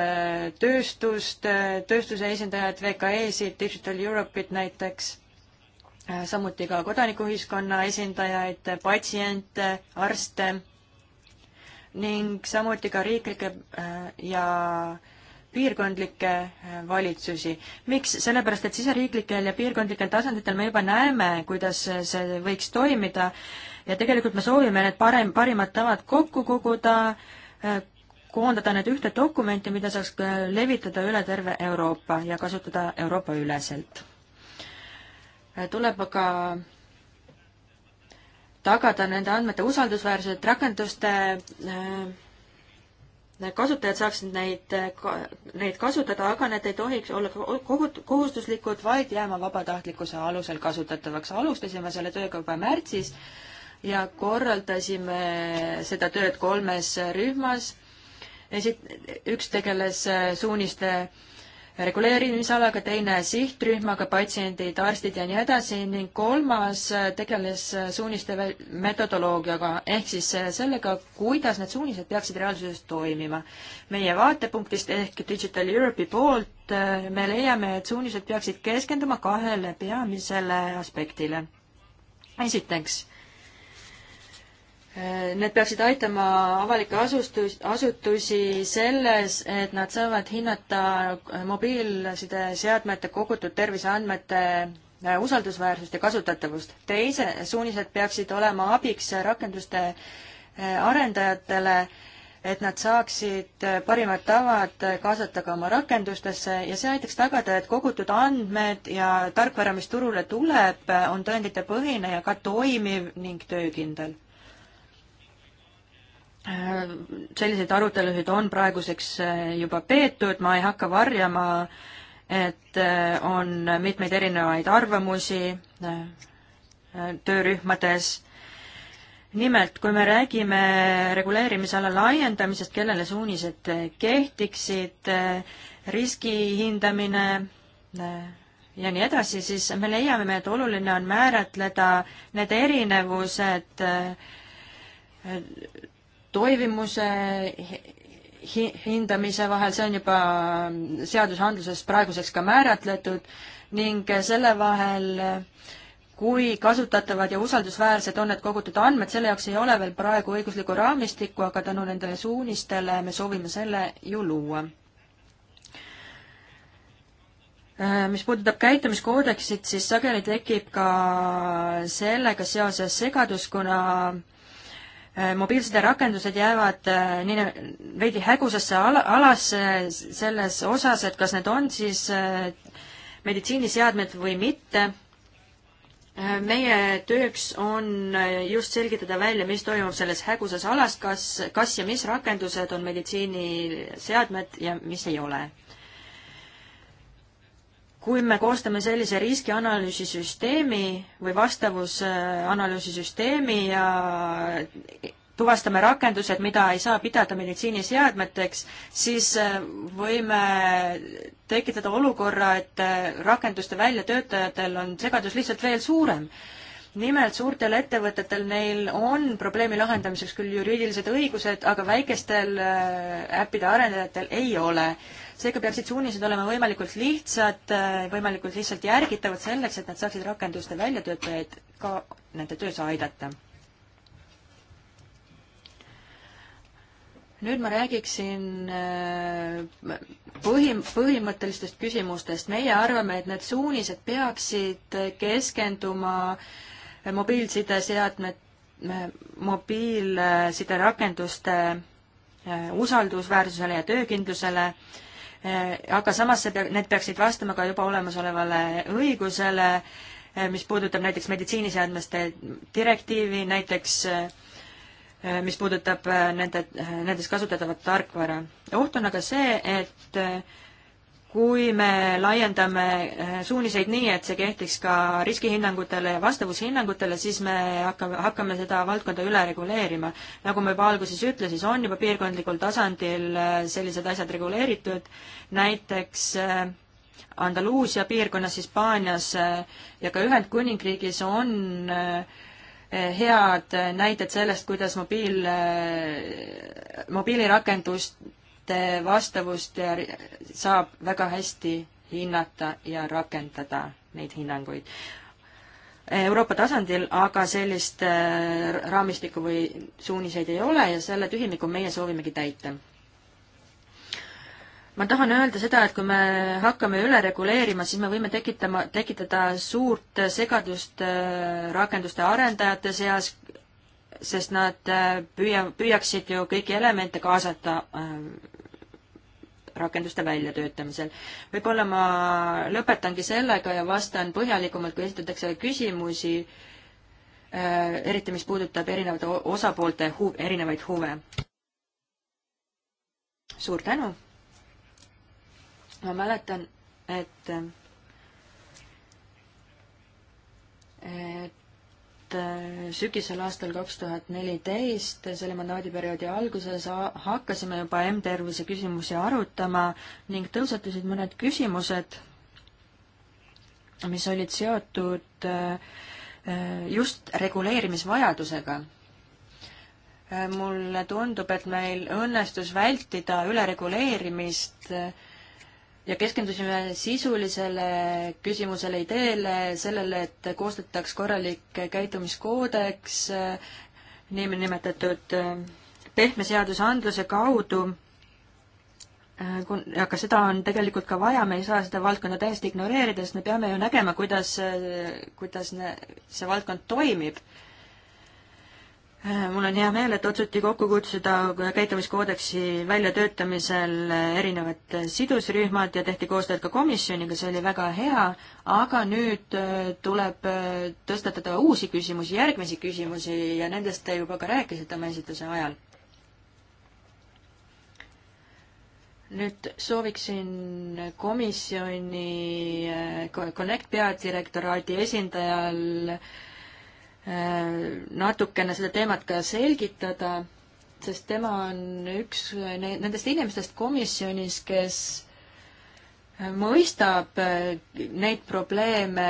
tööstust, tööstuse esindajad, VKE-sid, Digital Europe'it näiteks Äh, samuti ka kodanikuühiskonna esindajaid, patsiente, arste ning samuti ka riiklikke äh, ja piirkondlikke äh, valitsusi. miks? sellepärast, et siseriiklikel ja piirkondlikel tasanditel me juba näeme, kuidas see võiks toimida ja tegelikult me soovime need parem, parimad tavad kokku koguda, koondada need ühte dokumenti, mida saaks levitada üle terve Euroopa ja kasutada Euroopa üleselt. Äh, tuleb aga tagada nende andmete usaldusväärsus, et rakenduste äh, kasutajad saaksid neid, äh, neid kasutada, aga need ei tohiks olla kohustuslikud, vaid jääma vabatahtlikkuse alusel kasutatavaks. alustasime selle tööga juba märtsis ja korraldasime seda tööd kolmes rühmas. esi-, üks tegeles suuniste äh, reguleerimisalaga, teine sihtrühmaga patsiendid, arstid ja nii edasi ning kolmas äh, tegeles äh, suuniste metodoloogiaga ehk siis äh, sellega, kuidas need suunised peaksid reaalsuses toimima. meie vaatepunktist ehk Digital Europe'i poolt me leiame, et suunised peaksid keskenduma kahele peamisele aspektile. esiteks Need peaksid aitama avalikke asustus, asutusi selles, et nad saavad hinnata mobiilsideseadmete kogutud terviseandmete äh, usaldusväärsust ja kasutatavust. teise, suunised peaksid olema abiks rakenduste äh, arendajatele, et nad saaksid äh, parimad tavad kaasata ka oma rakendustesse ja see aitaks tagada, et kogutud andmed ja tarkvara, mis turule tuleb, on tõenditepõhine ja ka toimiv ning töökindel selliseid arutelusid on praeguseks äh, juba peetud, ma ei hakka varjama, et äh, on mitmeid erinevaid arvamusi äh, töörühmades. nimelt, kui me räägime reguleerimisala laiendamisest, kellele suunised kehtiksid, riski hindamine ja nii edasi, siis me leiame, et oluline on määratleda need erinevused toimimuse hindamise vahel, see on juba seadusandluses praeguseks ka määratletud ning selle vahel, kui kasutatavad ja usaldusväärsed on need kogutud andmed, selle jaoks ei ole veel praegu õiguslikku raamistikku, aga tänu nendele suunistele me soovime selle ju luua. mis puudutab käitumiskoodeksit, siis sageli tekib ka sellega seoses segadus, kuna äh, Äh, mobiilsiderakendused jäävad äh, nii veidi hägusesse alasse selles osas, et kas need on siis äh, meditsiiniseadmed või mitte. meie tööks on just selgitada välja, mis toimub selles häguses alas, kas, kas ja mis rakendused on meditsiiniseadmed ja mis ei ole kui me koostame sellise riskianalüüsisüsteemi või vastavusanalüüsisüsteemi ja tuvastame rakendused, mida ei saa pidada meditsiiniseadmeteks, siis äh, võime tekitada olukorra, et äh, rakenduste väljatöötajatel on segadus lihtsalt veel suurem. nimelt suurtel ettevõtetel, neil on probleemi lahendamiseks küll juriidilised õigused, aga väikestel äh, äppide arendajatel ei ole seega peaksid suunised olema võimalikult lihtsad, äh, võimalikult lihtsalt järgitavad selleks, et nad saaksid rakenduste väljatöötajaid ka nende töös aidata. nüüd ma räägiksin äh, põhim-, põhimõttelistest küsimustest. meie arvame, et need suunised peaksid keskenduma mobiilsideseadmed, äh, mobiilsiderakenduste usaldusväärsusele ja töökindlusele Äh, aga samas see pea, need peaksid vastama ka juba olemasolevale õigusele, äh, mis puudutab näiteks meditsiiniseadmeste direktiivi, näiteks äh, mis puudutab nende, nendes kasutatavat tarkvara. oht on aga see, et kui me laiendame eh, suuniseid nii, et see kehtiks ka riskihinnangutele ja vastavushinnangutele, siis me hakkame, hakkame seda valdkonda üle reguleerima. nagu ma juba alguses ütlesin, on juba piirkondlikul tasandil eh, sellised asjad reguleeritud, näiteks eh, Andaluusia piirkonnas Hispaanias ja ka Ühendkuningriigis on head näited sellest, kuidas mobiil, mobiilirakendust nende vastavust ja saab väga hästi hinnata ja rakendada neid hinnanguid. Euroopa tasandil aga sellist äh, raamistikku või suuniseid ei ole ja selle tühimiku meie soovimegi täita. ma tahan öelda seda, et kui me hakkame üle reguleerima, siis me võime tekitama, tekitada suurt segadust äh, rakenduste arendajate seas, sest nad äh, püüa, püüaksid ju kõiki elemente kaasata rakenduste väljatöötamisel. võib-olla ma lõpetangi sellega ja vastan põhjalikumalt, kui esitatakse küsimusi, äh, eriti mis puudutab erinevate osapoolte hu-, erinevaid huve. suur tänu! ma mäletan, et et äh, Äh, sügisel aastal kaks tuhat neliteist, selle mandaadiperioodi alguses hakkasime juba M-tervise küsimusi arutama ning tõusetusid mõned küsimused, mis olid seotud äh, äh, just reguleerimisvajadusega. mulle tundub, et meil õnnestus vältida ülereguleerimist ja keskendusime sisulisele küsimusele, ideele, sellele, et koostataks korralik käitumiskoodeks niinimetatud äh, pehme seadusandluse kaudu, aga äh, seda on tegelikult ka vaja, me ei saa seda valdkonda täiesti ignoreerida, sest me peame ju nägema, kuidas, äh, kuidas see valdkond toimib Äh, mul on hea meel, et otsuti kokku kutsuda käitumiskoodeksi väljatöötamisel erinevad sidusrühmad ja tehti koostööd ka komisjoniga, see oli väga hea, aga nüüd äh, tuleb äh, tõstatada uusi küsimusi, järgmisi küsimusi ja nendest te juba ka rääkisite oma esitluse ajal. nüüd sooviksin komisjoni Connect peadirektoraadi esindajal äh, natukene seda teemat ka selgitada, sest tema on üks nendest inimestest komisjonis, kes mõistab äh, neid probleeme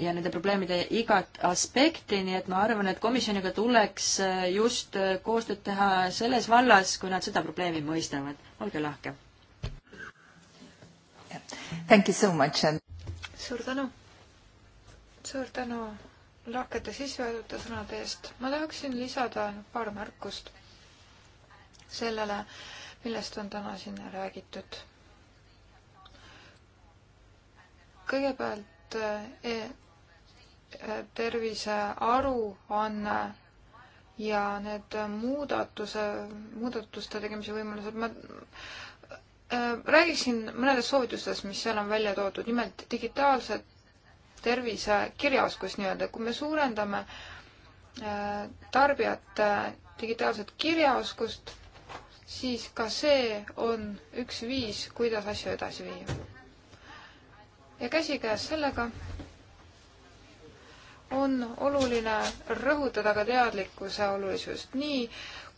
ja nende probleemide igat aspekti, nii et ma arvan, et komisjoniga tuleks äh, just äh, koostööd teha selles vallas, kui nad seda probleemi mõistavad. olge lahke. Thank you so much and.... suur tänu. suur tänu lahkete sisseöeldute sõnade eest. ma tahaksin lisada paar märkust sellele, millest on täna siin räägitud. kõigepealt e, e tervise aruanne ja need muudatuse, muudatuste tegemise võimalused, ma äh, räägiksin mõnedest soovitustest, mis seal on välja toodud, nimelt digitaalset tervisekirjaoskus nii-öelda, kui me suurendame äh, tarbijate digitaalset kirjaoskust, siis ka see on üks viis, kuidas asju edasi viia. ja käsikäes sellega on oluline rõhutada ka teadlikkuse olulisust nii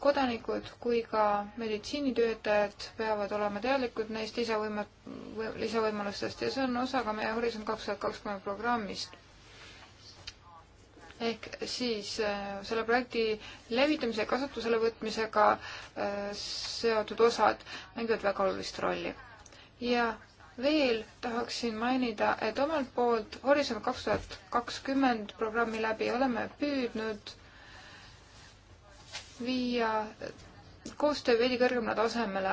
kodanikud kui ka meditsiinitöötajad peavad olema teadlikud neist lisavõime, lisavõimalustest ja see on osa ka meie Horisont kaks tuhat kakskümmend programmist. ehk siis äh, selle projekti levitamise ja kasutusele võtmisega äh, seotud osad mängivad väga olulist rolli. ja veel tahaksin mainida, et omalt poolt Horisont kaks tuhat kakskümmend programmi läbi oleme püüdnud viia koostöö veidi kõrgemale tasemele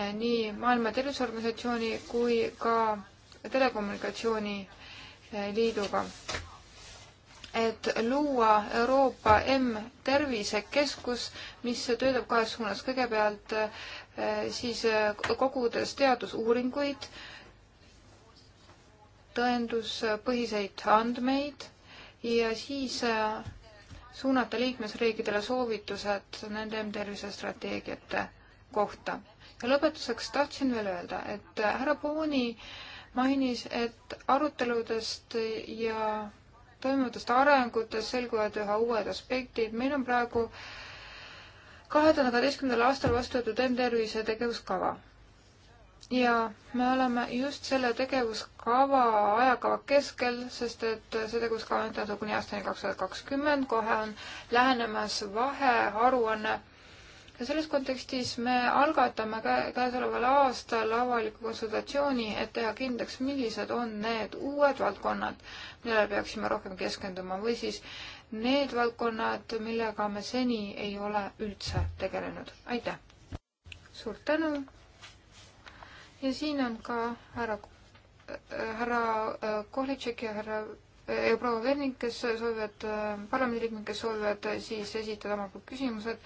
eh, nii Maailma Terviseorganisatsiooni kui ka Telekommunikatsiooni eh, Liiduga, et luua Euroopa M-tervisekeskus, mis töötab kahes suunas. kõigepealt eh, siis kogudes teadusuuringuid, tõenduspõhiseid andmeid ja siis suunata liikmesriikidele soovitused nende tervise strateegiate kohta. ja lõpetuseks tahtsin veel öelda, et härra Pooni mainis, et aruteludest ja toimuvatest arengutest selguvad üha uued aspektid. meil on praegu kahe tuhande kaheteistkümnendal aastal vastu võetud M-tervise tegevuskava ja me oleme just selle tegevuskava ajakava keskel, sest et see tegevuskava on tänatud kuni aastani kaks tuhat kakskümmend, kohe on lähenemas vahearuanne. ja selles kontekstis me algatame kä käesoleval aastal avaliku konsultatsiooni, et teha kindlaks, millised on need uued valdkonnad, millele peaksime rohkem keskenduma või siis need valdkonnad, millega me seni ei ole üldse tegelenud. aitäh! suur tänu! ja siin on ka härra, härra äh, Kohlitšek ja härra äh, ja proua Verning, kes soovivad, äh, parlamendiliikmed, kes soovivad siis esitada omalt poolt küsimused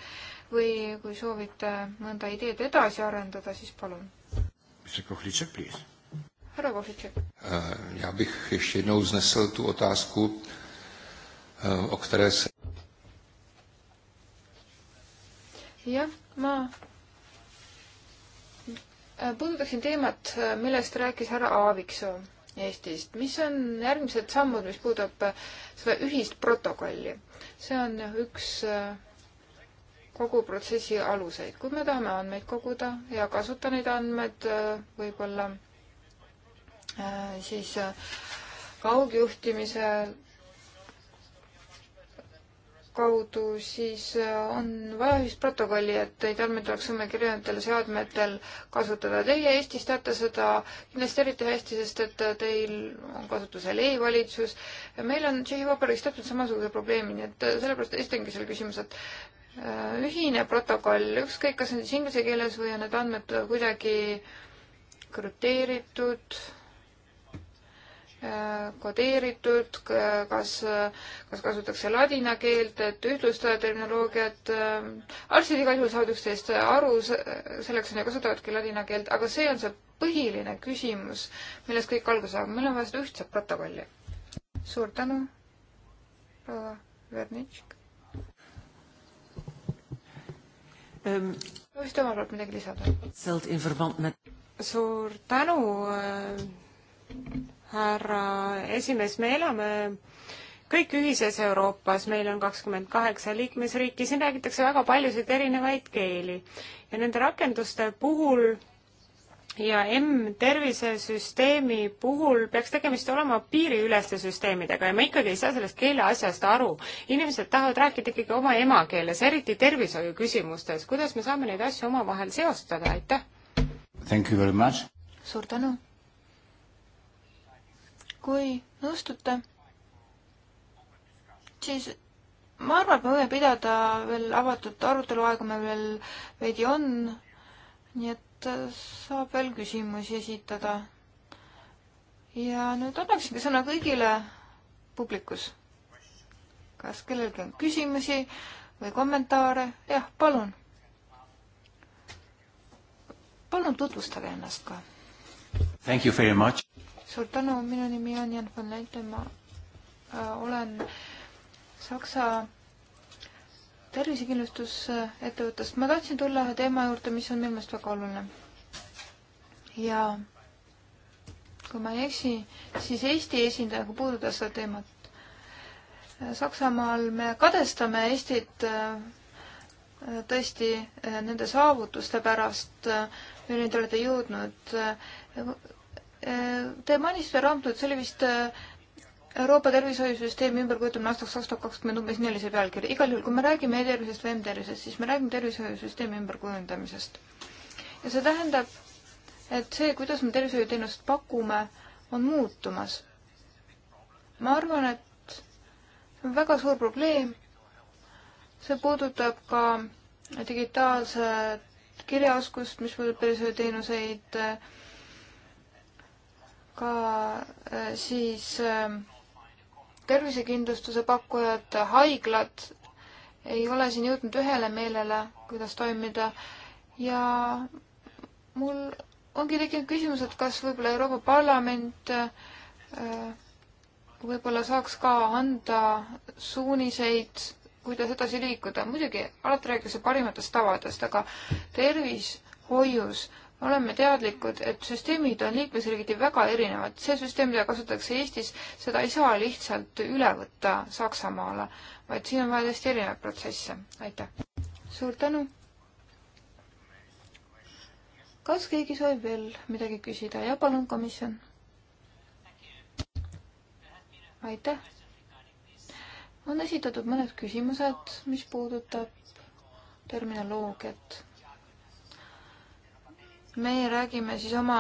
või kui soovite mõnda ideed edasi arendada, siis palun. härra Kohlitšek. ja bih ještě jednou znesel tu otázku, o které se jah, ma Äh, puudutaksin teemat, äh, millest rääkis härra Aaviksoo Eestist. mis on järgmised sammud, mis puudutab äh, seda ühist protokolli? see on üks kogu protsessi aluseid. kui me tahame andmeid koguda ja kasuta neid andmeid võib-olla siis kaugjuhtimise kaudu, siis äh, on vaja ühisprotokolli, et neid andmeid oleks võimalik erinevatel seadmetel kasutada. Teie Eestis teate seda kindlasti eriti hästi, sest et äh, teil on kasutusel e-valitsus. meil on Tšehhi Vabariigis täpselt samasuguse probleemi, nii et äh, sellepärast esitangi selle küsimuse, et ühine protokoll, ükskõik, kas on siis inglise keeles või on need andmed kuidagi krüpteeritud kodeeritud, kas, kas kasutatakse ladina keelt, et ühtlustada terminoloogiat. arstid igal juhul saavad üksteist aru, selleks on ja kasutavadki ladina keelt, aga see on see põhiline küsimus, millest kõik alguse saab. meil on vaja seda ühtset protokolli. suur tänu, proua Vernitšik um,. võiks te omalt poolt midagi lisada? suur tänu äh, härra esimees, me elame kõik ühises Euroopas, meil on kakskümmend kaheksa liikmesriiki, siin räägitakse väga paljusid erinevaid keeli ja nende rakenduste puhul ja M-tervisesüsteemi puhul peaks tegemist olema piiriüleste süsteemidega ja ma ikkagi ei saa sellest keele asjast aru. inimesed tahavad rääkida ikkagi oma emakeeles, eriti tervishoiu küsimustes. kuidas me saame neid asju omavahel seostada, aitäh! suur tänu! kui nõustute, siis ma arvan, et me võime pidada veel avatud arutelu aega, meil veel veidi on, nii et äh, saab veel küsimusi esitada. ja nüüd annaksingi sõna kõigile publikus. kas kellelgi on küsimusi või kommentaare? jah, palun. palun tutvustage ennast ka. Thank you very much suur tänu, minu nimi on Jan van Leiten, ma äh, olen Saksa tervisekindlustusettevõttest. ma tahtsin tulla ühe teema juurde, mis on minu meelest väga oluline. ja kui ma ei eksi, siis Eesti esindajaga puudutas seda teemat. Saksamaal me kadestame Eestit äh, tõesti äh, nende saavutuste pärast, äh, milleni te olete jõudnud Äh, te mainisite raamatut, see oli vist äh, Euroopa tervishoiusüsteemi ümberkujutamine aastaks kaks tuhat kakskümmend, umbes nii oli see pealkiri. igal juhul, kui me räägime e-tervisest või m-tervisest, siis me räägime tervishoiusüsteemi ümberkujundamisest. ja see tähendab, et see, kuidas me tervishoiuteenust pakume, on muutumas. ma arvan, et see on väga suur probleem. see puudutab ka digitaalset kirjaoskust, mis puudutab tervishoiuteenuseid äh,, ka äh, siis ähm, tervisekindlustuse pakkujad, haiglad ei ole siin jõudnud ühele meelele, kuidas toimida ja mul ongi tekkinud küsimus, et kas võib-olla Euroopa Parlament äh, võib-olla saaks ka anda suuniseid, kuidas edasi liikuda. muidugi alati räägitakse parimatest tavadest, aga tervishoius oleme teadlikud, et süsteemid on liikmesriigiti väga erinevad. see süsteem, mida kasutatakse Eestis, seda ei saa lihtsalt üle võtta Saksamaale, vaid siin on vaja täiesti erinevaid protsesse. aitäh! suur tänu! kas keegi soovib veel midagi küsida? ja palun, komisjon! aitäh! on esitatud mõned küsimused, mis puudutab terminoloogiat meie räägime siis oma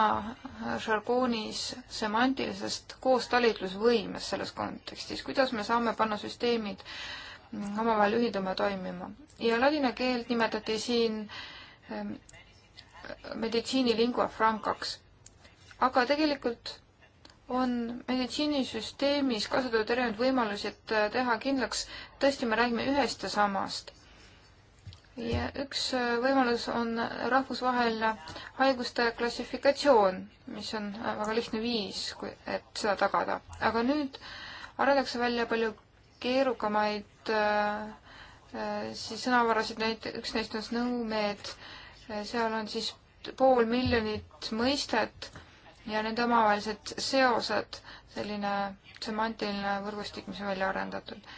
žargoonis semantilisest koostalitlusvõimest selles kontekstis, kuidas me saame panna süsteemid omavahel ühilduma toimima. ja ladina keelt nimetati siin ähm, meditsiini lingua francaks. aga tegelikult on meditsiinisüsteemis kasutatud erinevaid võimalusi, et teha kindlaks, tõesti, me räägime ühest ja samast ja üks äh, võimalus on rahvusvaheline haiguste klassifikatsioon, mis on äh, väga lihtne viis, et seda tagada. aga nüüd arendatakse välja palju keerukamaid äh, äh, siis sõnavarasid, näit-, üks neist on Snowmed, seal on siis pool miljonit mõistet ja nende omavahelised seosed, selline semantiline võrgustik, mis on välja arendatud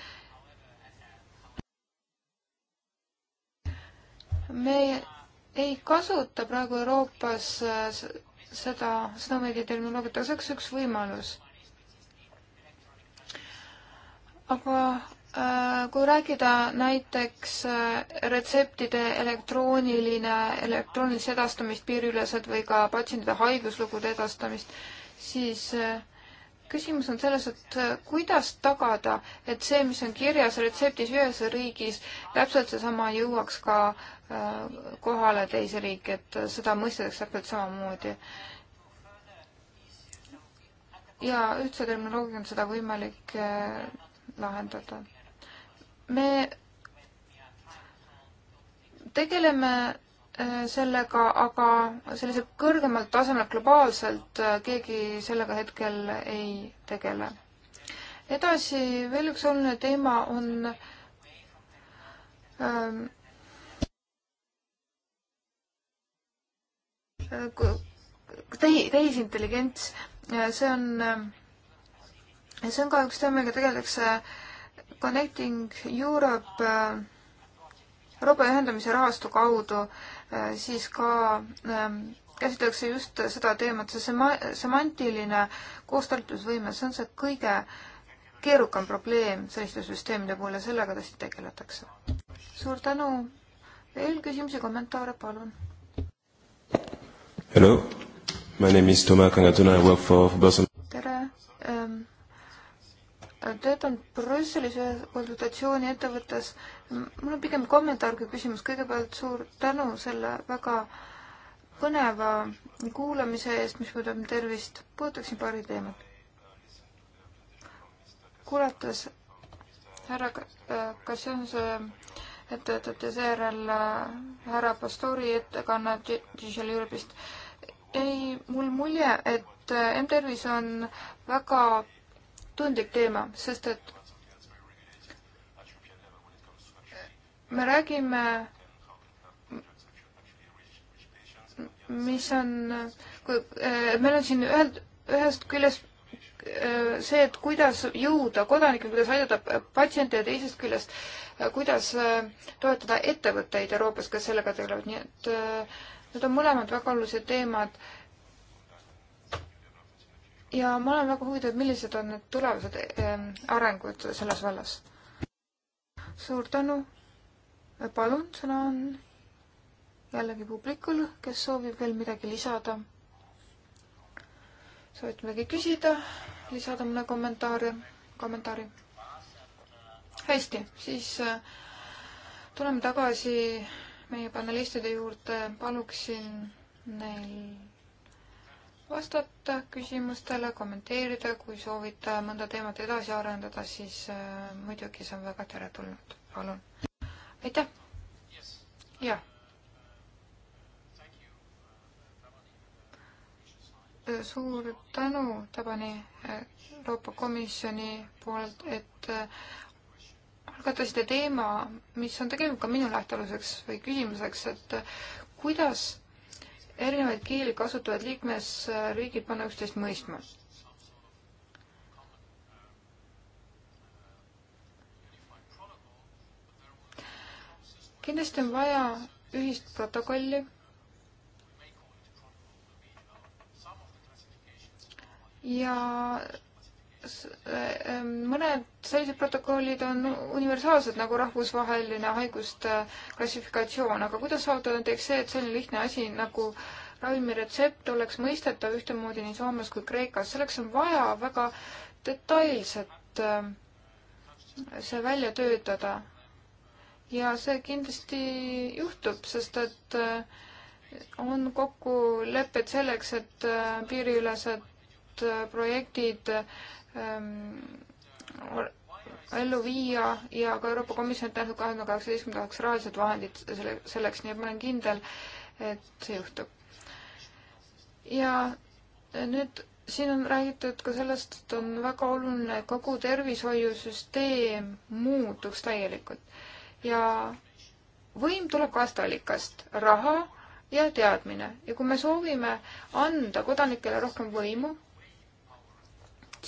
me ei kasuta praegu Euroopas äh, seda, seda meediatehnoloogiat, aga see oleks üks võimalus. aga äh, kui rääkida näiteks äh, retseptide elektrooniline, elektroonilist edastamist piiriüleselt või ka patsientide haiguslugude edastamist, siis äh, küsimus on selles, et äh, kuidas tagada, et see, mis on kirjas retseptis ühes riigis, täpselt seesama jõuaks ka äh, kohale teise riiki, et äh, seda mõistetakse täpselt samamoodi. ja ühtse terminoloogiaga on seda võimalik lahendada. me tegeleme Äh, sellega, aga sellisel kõrgemal tasemel globaalselt äh, keegi sellega hetkel ei tegele. edasi veel üks oluline teema on ähm, äh, tehi-, tehisintelligents, see on, see on ka üks teema, millega tegeldakse Connecting Europe Euroopa ühendamise rahastu kaudu äh, Äh, siis ka ähm, käsitletakse just seda teemat, see sema-, semantiline koostartlusvõime, see on see kõige keerukam probleem selliste süsteemide puhul ja sellega tõesti tegeletakse. suur tänu, veel küsimusi, kommentaare, palun. Hello, my name is Toma Kangatuna, I work for Boston töötan Brüsselis ühes konsultatsiooniettevõttes. mul on pigem kommentaar kui küsimus. kõigepealt suur tänu selle väga põneva kuulamise eest, mis puudutab tervist. puudutaksin paari teemat. kuulates härra äh, Kassianse ettevõtet ja seejärel äh, härra Pastori ettekannet Digital Europe'ist, jäi mul mulje, et äh, M-tervis on väga tundlik teema, sest et me räägime, mis on, eh, meil on siin ühelt, ühest küljest eh, see, et kuidas jõuda kodanikele, kuidas aidata patsiente ja teisest küljest, eh, kuidas toetada ettevõtteid Euroopas, kes sellega tegelevad, nii et need on mõlemad väga olulised teemad ja ma olen väga huvitatud, millised on need tulevased ehm, arengud selles vallas. suur tänu. palun, sõna on jällegi publikul, kes soovib veel midagi lisada. soovite midagi küsida, lisada mõne kommentaari, kommentaari? hästi, siis äh, tuleme tagasi meie panelistide juurde, paluksin neil vastata küsimustele, kommenteerida, kui soovite mõnda teemat edasi arendada, siis äh, muidugi see on väga teretulnud. palun. aitäh. jah. suur tänu Tabani äh, Euroopa Komisjoni poolelt, et äh, algatasite teema, mis on tegelikult ka minu lähtealuseks või küsimuseks, et kuidas erinevaid keeli kasutavad liikmesriigid panna üksteist mõistma. kindlasti on vaja ühist protokolli ja Äh, ähm, mõned sellised protokollid on universaalsed nagu rahvusvaheline haiguste äh, klassifikatsioon, aga kuidas saavutada näiteks see, et selline lihtne asi nagu ravimiretsept oleks mõistetav ühtemoodi nii Soomes kui Kreekas, selleks on vaja väga detailselt äh, see välja töötada. ja see kindlasti juhtub, sest et on kokkulepped selleks, et piiriülesed projektid Ähm, ellu viia ja ka Euroopa Komisjon on tähendab kahe tuhande kaheksateistkümnendaks rahalised vahendid selle, selleks, nii et ma olen kindel, et see juhtub. ja nüüd siin on räägitud ka sellest, et on väga oluline, et kogu tervishoiusüsteem muutuks täielikult ja võim tuleb kasteallikast, raha ja teadmine ja kui me soovime anda kodanikele rohkem võimu,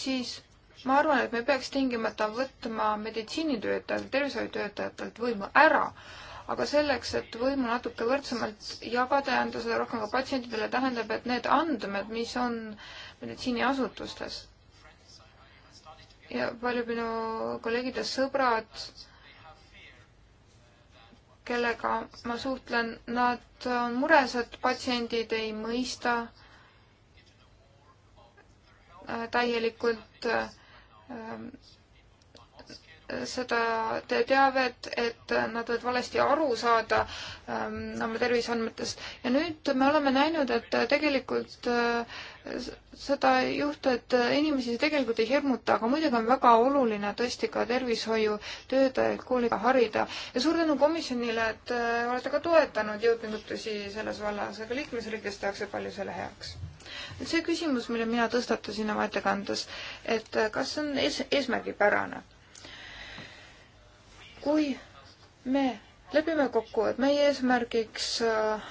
siis ma arvan, et me ei peaks tingimata võtma meditsiinitöötajalt, tervishoiutöötajatelt võimu ära, aga selleks, et võimu natuke võrdsemalt jagada ja anda seda rohkem ka patsientidele, tähendab, et need andmed, mis on meditsiiniasutustes ja paljud minu kolleegid ja sõbrad, kellega ma suhtlen, nad on mures, et patsiendid ei mõista Äh, täielikult äh, äh, seda teavet, et nad võivad valesti aru saada ähm, oma terviseandmetest. ja nüüd me oleme näinud, et tegelikult äh, seda ei juhtu, et inimesi see tegelikult ei hirmuta, aga muidugi on väga oluline tõesti ka tervishoiutöötajaid kooliga harida. ja suur tänu komisjonile, et äh, olete ka toetanud jõupingutusi selles vallas, aga liikmesriikides tehakse palju selle heaks nüüd see küsimus, mille mina tõstatasin oma ettekandes, et kas see on ees, eesmärgipärane. kui me lepime kokku, et meie eesmärgiks äh,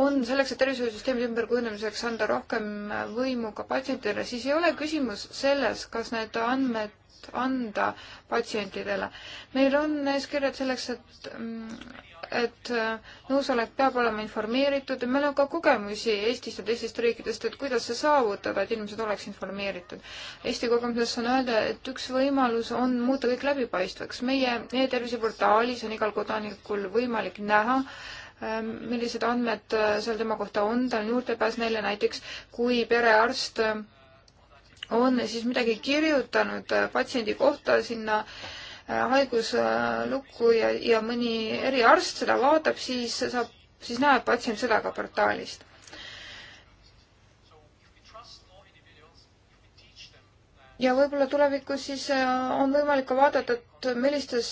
on selleks, et tervishoiusüsteemi ümberkujundamiseks anda rohkem võimu ka patsientidele, siis ei ole küsimus selles, kas need andmed anda patsientidele. meil on eeskirjad selleks, et mm, et nõusolek peab olema informeeritud ja meil on ka kogemusi Eestist ja teistest riikidest, et kuidas see saavutada, et inimesed oleks informeeritud. Eesti kogemuses saan öelda, et üks võimalus on muuta kõik läbipaistvaks. meie e-tervise portaalis on igal kodanikul võimalik näha, ähm, millised andmed äh, seal tema kohta on, tal on juurdepääs neile näiteks, kui perearst äh, on siis midagi kirjutanud äh, patsiendi kohta sinna äh, Äh, haiguslukku ja, ja mõni eriarst seda vaatab, siis saab, siis näeb patsient seda ka portaalist. ja võib-olla tulevikus siis äh, on võimalik ka vaadata, et millistes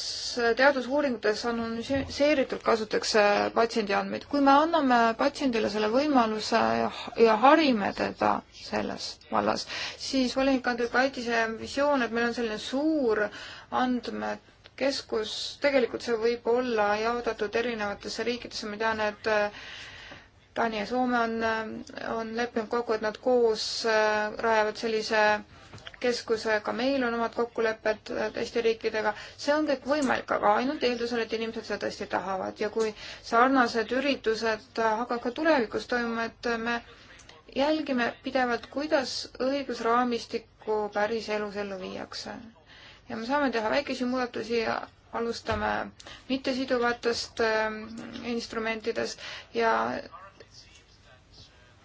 teadusuuringutes anonümiseeritult kasutatakse patsiendi andmeid. kui me anname patsiendile selle võimaluse ja, ja harime teda selles vallas, siis volinik Andrei Kaitise visioon, et meil on selline suur äh, andmekeskus, tegelikult see võib olla jaotatud erinevatesse riikidesse, ma tean, et äh, Taani ja Soome on, äh, on leppinud kokku, et nad koos äh, rajavad sellise keskusega, meil on omad kokkulepped teiste riikidega, see on kõik võimalik, aga ainult eeldusel, et inimesed seda tõesti tahavad ja kui sarnased üritused hakkavad ka tulevikus toimuma, et me jälgime pidevalt, kuidas õigusraamistikku päris elus ellu viiakse ja me saame teha väikesi muudatusi ja alustame mittesiduvatest ähm, instrumentidest ja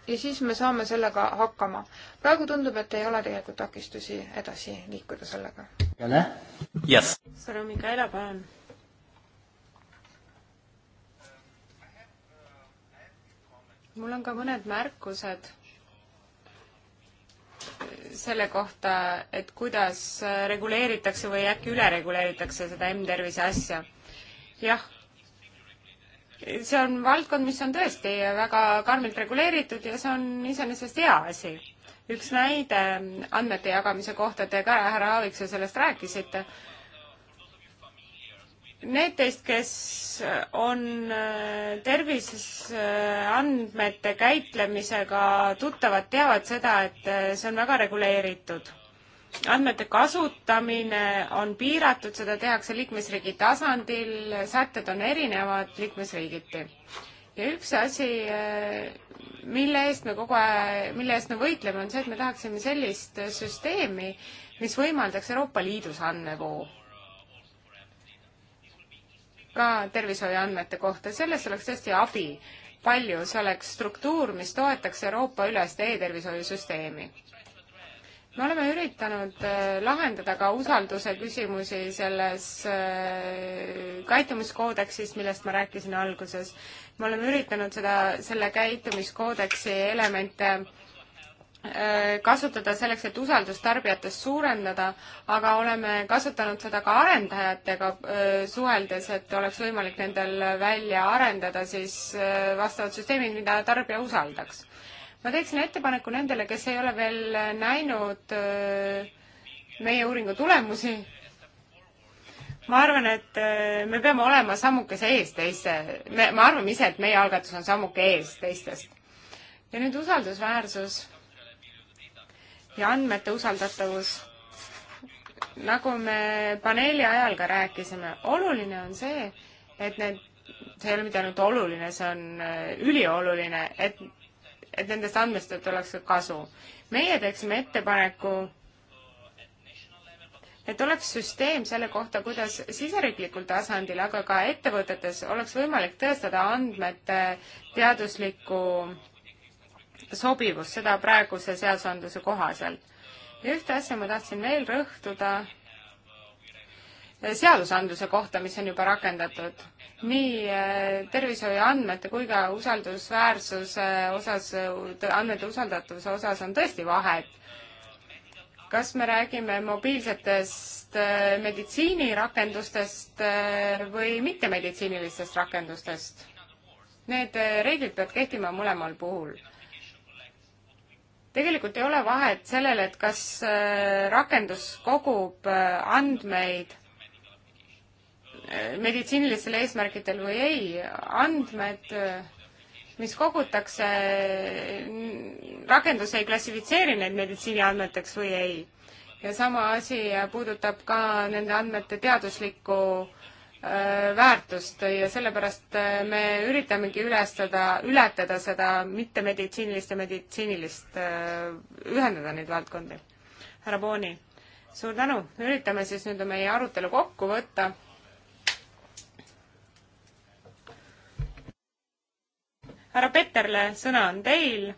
ja siis me saame sellega hakkama. praegu tundub, et ei ole tegelikult takistusi edasi liikuda sellega. Yes. härra Mikaela, palun. mul on ka mõned märkused selle kohta, et kuidas reguleeritakse või äkki üle reguleeritakse seda M-tervise asja. jah, see on valdkond, mis on tõesti väga karmilt reguleeritud ja see on iseenesest hea asi. üks näide andmete jagamise kohta, te ka, härra Aaviksoo, sellest rääkisite Need teist, kes on äh, terviseandmete äh, käitlemisega tuttavad, teavad seda, et äh, see on väga reguleeritud. andmete kasutamine on piiratud, seda tehakse liikmesriigi tasandil, sätted on erinevad liikmesriigiti ja üks asi, mille eest me kogu aeg, mille eest me võitleme, on see, et me tahaksime sellist süsteemi, mis võimaldaks Euroopa Liidus andmevoo ka tervishoiuandmete kohta, sellest oleks tõesti abi palju, see oleks struktuur, mis toetaks Euroopa ülest e-tervishoiusüsteemi. me oleme üritanud äh, lahendada ka usalduse küsimusi selles äh, käitumiskoodeksis, millest ma rääkisin alguses. me oleme üritanud seda, selle käitumiskoodeksi elemente Äh, kasutada selleks, et usaldust tarbijatest suurendada, aga oleme kasutanud seda ka arendajatega äh, suheldes, et oleks võimalik nendel välja arendada siis äh, vastavad süsteemid, mida tarbija usaldaks. ma teeksin ettepaneku nendele, kes ei ole veel näinud meie uuringu tulemusi, ma arvan, et me peame olema sammukese ees teiste, me, me arvame ise, et meie algatus on sammuke ees teistest. ja nüüd usaldusväärsus ja andmete usaldatavus. nagu me paneeli ajal ka rääkisime, oluline on see, et need, see ei ole mitte ainult oluline, see on äh, ülioluline, et, et nendest andmestest oleks ka kasu. meie teeksime ettepaneku et oleks süsteem selle kohta, kuidas siseriiklikul tasandil, aga ka ettevõtetes oleks võimalik tõestada andmete teaduslikku sobivust, seda praeguse seadusandluse kohaselt. ja ühte asja ma tahtsin veel rõhtuda seadusandluse kohta, mis on juba rakendatud. nii eh, tervishoiuandmete kui ka usaldusväärsuse osas, eh, andmete usaldatavuse osas on tõesti vahet. kas me räägime mobiilsetest eh, meditsiinirakendustest või mittemeditsiinilistest rakendustest? Need reeglid peavad kehtima mõlemal puhul tegelikult ei ole vahet sellel, et kas äh, rakendus kogub äh, andmeid äh, meditsiinilistel eesmärkidel või ei, andmed, mis kogutakse, rakendus ei klassifitseeri neid meditsiiniandmeteks või ei. ja sama asi puudutab ka nende andmete teaduslikku Äh, väärtust ja sellepärast äh, me üritamegi ülestada, ületada seda mittemeditsiinilist ja meditsiinilist, äh, ühendada neid valdkondi. härra Booni, suur tänu, üritame siis nüüd meie arutelu kokku võtta härra Peterle, sõna on teil.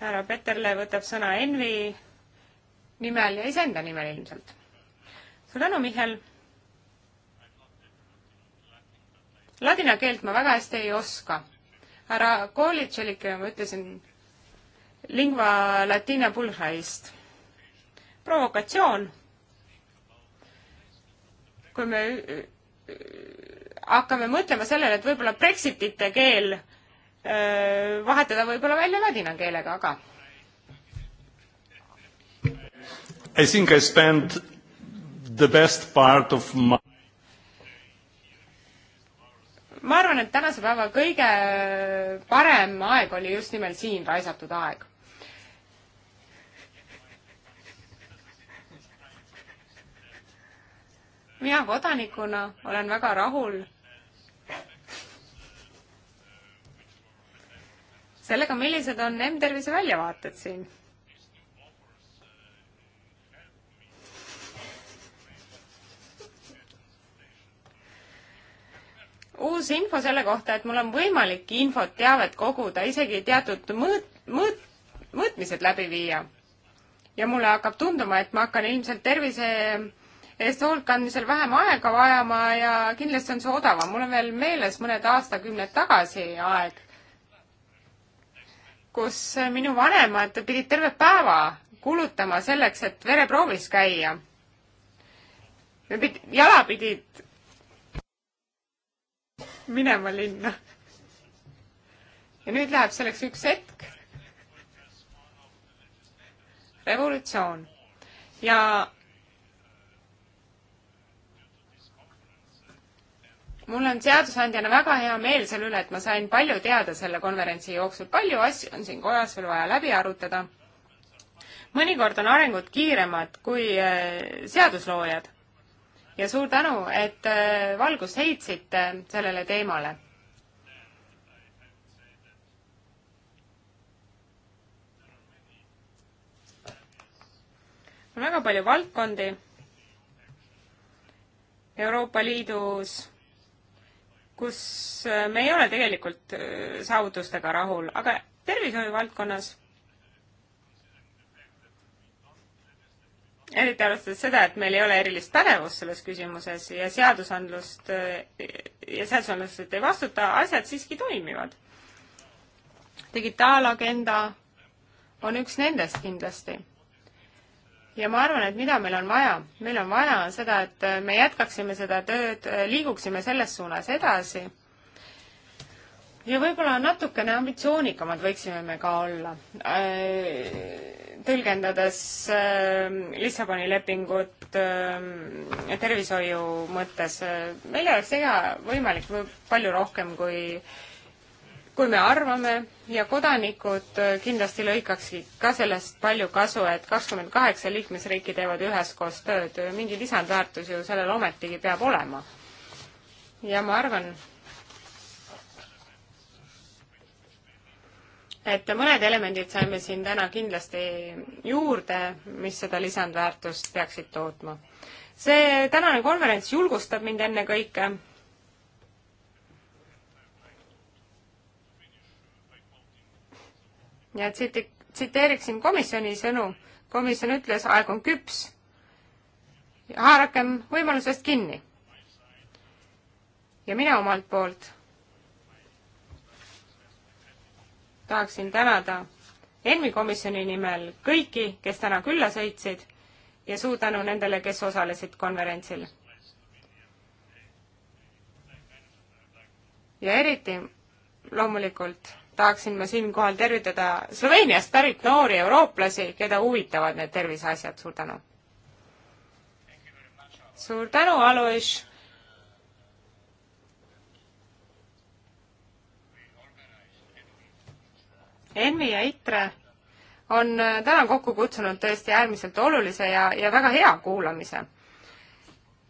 härra Peterle võtab sõna Envi nimel ja iseenda nimel ilmselt. suur tänu, Mihhail Ladina keelt ma väga hästi ei oska. härra Kolitšelikele ma ütlesin lingva latina pulhaist. provokatsioon. kui me hakkame mõtlema sellele, et võib-olla Brexitite keel öö, vahetada võib-olla välja ladina keelega, aga. I think I spent the best part of my ma arvan, et tänase päeva kõige parem aeg oli just nimelt siin raisatud aeg. mina kodanikuna olen väga rahul sellega, millised on M-tervise väljavaated siin uus info selle kohta, et mul on võimalik infot, teavet koguda, isegi teatud mõõt, mõõt, mõõtmised läbi viia. ja mulle hakkab tunduma, et ma hakkan ilmselt tervise eest hoolt kandmisel vähem aega vajama ja kindlasti on see odavam. mul on veel meeles mõned aastakümned tagasi aeg, kus minu vanemad pidid terve päeva kulutama selleks, et vereproovis käia. me pid-, jala pidid minema linna. ja nüüd läheb selleks üks hetk. revolutsioon ja mul on seadusandjana väga hea meel selle üle, et ma sain palju teada selle konverentsi jooksul, palju asju on siin kojas veel vaja läbi arutada. mõnikord on arengud kiiremad kui äh, seadusloojad ja suur tänu, et äh, valgust heitsite sellele teemale. on väga palju valdkondi Euroopa Liidus, kus äh, me ei ole tegelikult äh, saavutustega rahul, aga tervishoiu valdkonnas eriti arvestades seda, et meil ei ole erilist pädevust selles küsimuses ja seadusandlust ja seadusandlused ei vastuta, asjad siiski toimivad. digitaalagenda on üks nendest kindlasti. ja ma arvan, et mida meil on vaja, meil on vaja seda, et me jätkaksime seda tööd, liiguksime selles suunas edasi ja võib-olla natukene ambitsioonikamad võiksime me ka olla, äh, tõlgendades äh, Lissaboni lepingut äh, tervishoiu mõttes. meil oleks ega võimalik palju rohkem, kui, kui me arvame ja kodanikud kindlasti lõikaksid ka sellest palju kasu, et kakskümmend kaheksa liikmesriiki teevad üheskoos tööd, mingi lisandväärtus ju sellel ometigi peab olema. ja ma arvan, et mõned elemendid saime siin täna kindlasti juurde, mis seda lisandväärtust peaksid tootma. see tänane konverents julgustab mind ennekõike ja tsite-, tsiteeriksin komisjoni sõnu. komisjon ütles, aeg on küps. haarakem võimalusest kinni. ja mina omalt poolt tahaksin tänada ENMi komisjoni nimel kõiki, kes täna külla sõitsid ja suur tänu nendele, kes osalesid konverentsil. ja eriti loomulikult tahaksin ma siinkohal tervitada Sloveeniast pärit noori eurooplasi, keda huvitavad need terviseasjad, suur tänu! suur tänu, Alois! ENMi ja ITRE on äh, täna kokku kutsunud tõesti äärmiselt olulise ja, ja väga hea kuulamise.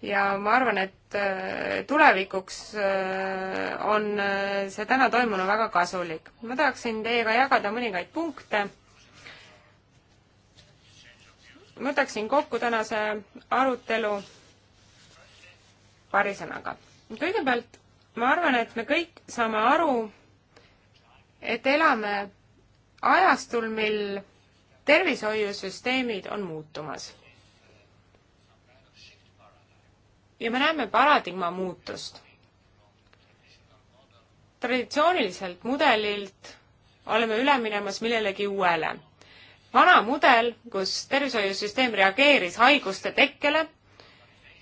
ja ma arvan, et äh, tulevikuks äh, on see täna toimunu väga kasulik. ma tahaksin teiega jagada mõningaid punkte. võtaksin kokku tänase arutelu paari sõnaga. kõigepealt ma arvan, et me kõik saame aru, et elame ajastul, mil tervishoiusüsteemid on muutumas. ja me näeme paradigma muutust. traditsiooniliselt mudelilt oleme üle minemas millelegi uuele. vana mudel, kus tervishoiusüsteem reageeris haiguste tekkele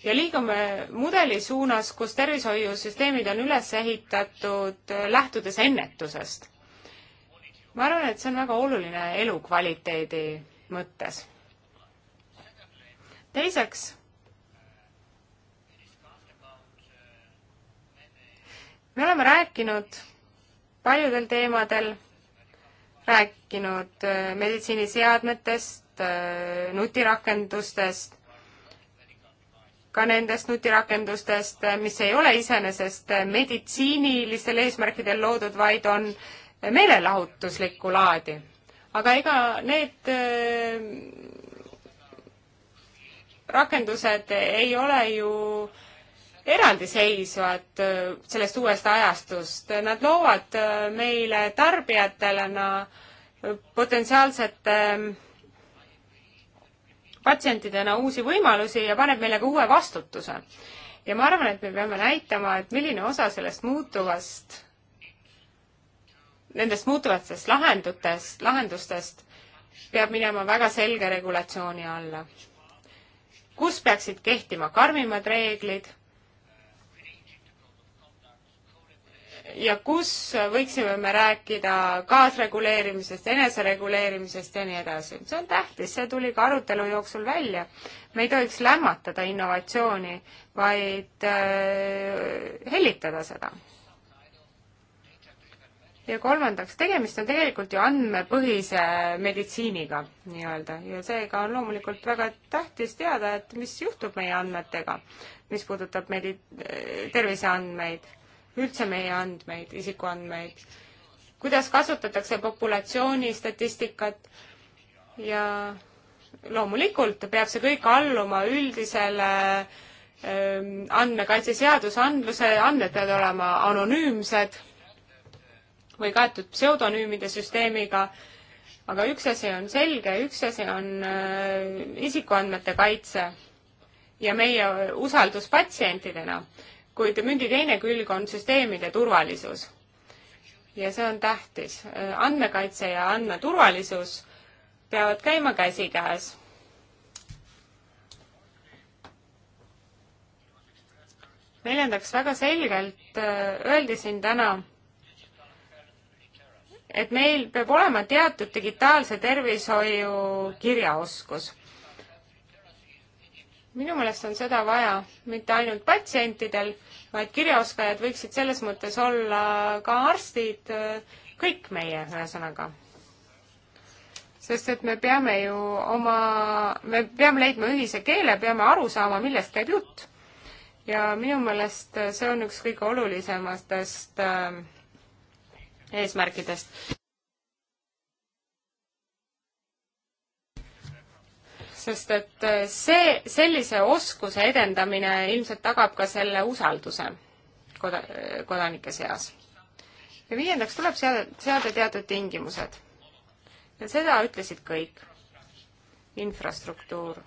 ja liigume mudeli suunas, kus tervishoiusüsteemid on üles ehitatud lähtudes ennetusest ma arvan, et see on väga oluline elukvaliteedi mõttes. teiseks, me oleme rääkinud paljudel teemadel, rääkinud äh, meditsiiniseadmetest, äh, nutirakendustest, ka nendest nutirakendustest, mis ei ole iseenesest äh, meditsiinilistel eesmärkidel loodud, vaid on äh, meelelahutuslikku laadi. aga ega need äh, rakendused ei ole ju eraldiseisvad äh, sellest uuest ajastust, nad loovad äh, meile tarbijatelena potentsiaalsete ähm, patsientidena uusi võimalusi ja paneb meile ka uue vastutuse. ja ma arvan, et me peame näitama, et milline osa sellest muutuvast nendest muutuvatest lahendutest, lahendustest peab minema väga selge regulatsiooni alla. kus peaksid kehtima karmimad reeglid ja kus võiksime me rääkida kaasreguleerimisest, enesereguleerimisest ja nii edasi. see on tähtis, see tuli ka arutelu jooksul välja. me ei tohiks lämmatada innovatsiooni, vaid äh, hellitada seda ja kolmandaks, tegemist on tegelikult ju andmepõhise meditsiiniga nii-öelda ja seega on loomulikult väga tähtis teada, et mis juhtub meie andmetega, mis puudutab medi-, terviseandmeid, üldse meie andmeid, isikuandmeid, kuidas kasutatakse populatsiooni statistikat ja loomulikult peab see kõik alluma üldisele ähm, andmekaitse seadusandluse, andmed peavad olema anonüümsed või kaetud pseudonüümide süsteemiga, aga üks asi on selge, üks asi on äh, isikuandmete kaitse ja meie usaldus patsientidena, kuid mündi teine külg on süsteemide turvalisus. ja see on tähtis. Äh, andmekaitse ja andmeturvalisus peavad käima käsikäes neljandaks, väga selgelt äh, öeldi siin täna, et meil peab olema teatud digitaalse tervishoiu kirjaoskus. minu meelest on seda vaja mitte ainult patsientidel, vaid kirjaoskajad võiksid selles mõttes olla ka arstid, kõik meie ühesõnaga. sest et me peame ju oma, me peame leidma ühise keele, peame aru saama, millest käib jutt. ja minu meelest see on üks kõige olulisematest äh, eesmärkidest. sest et äh, see, sellise oskuse edendamine ilmselt tagab ka selle usalduse koda-, kodanike seas. ja viiendaks tuleb seada, seada teatud tingimused. ja seda ütlesid kõik. infrastruktuur.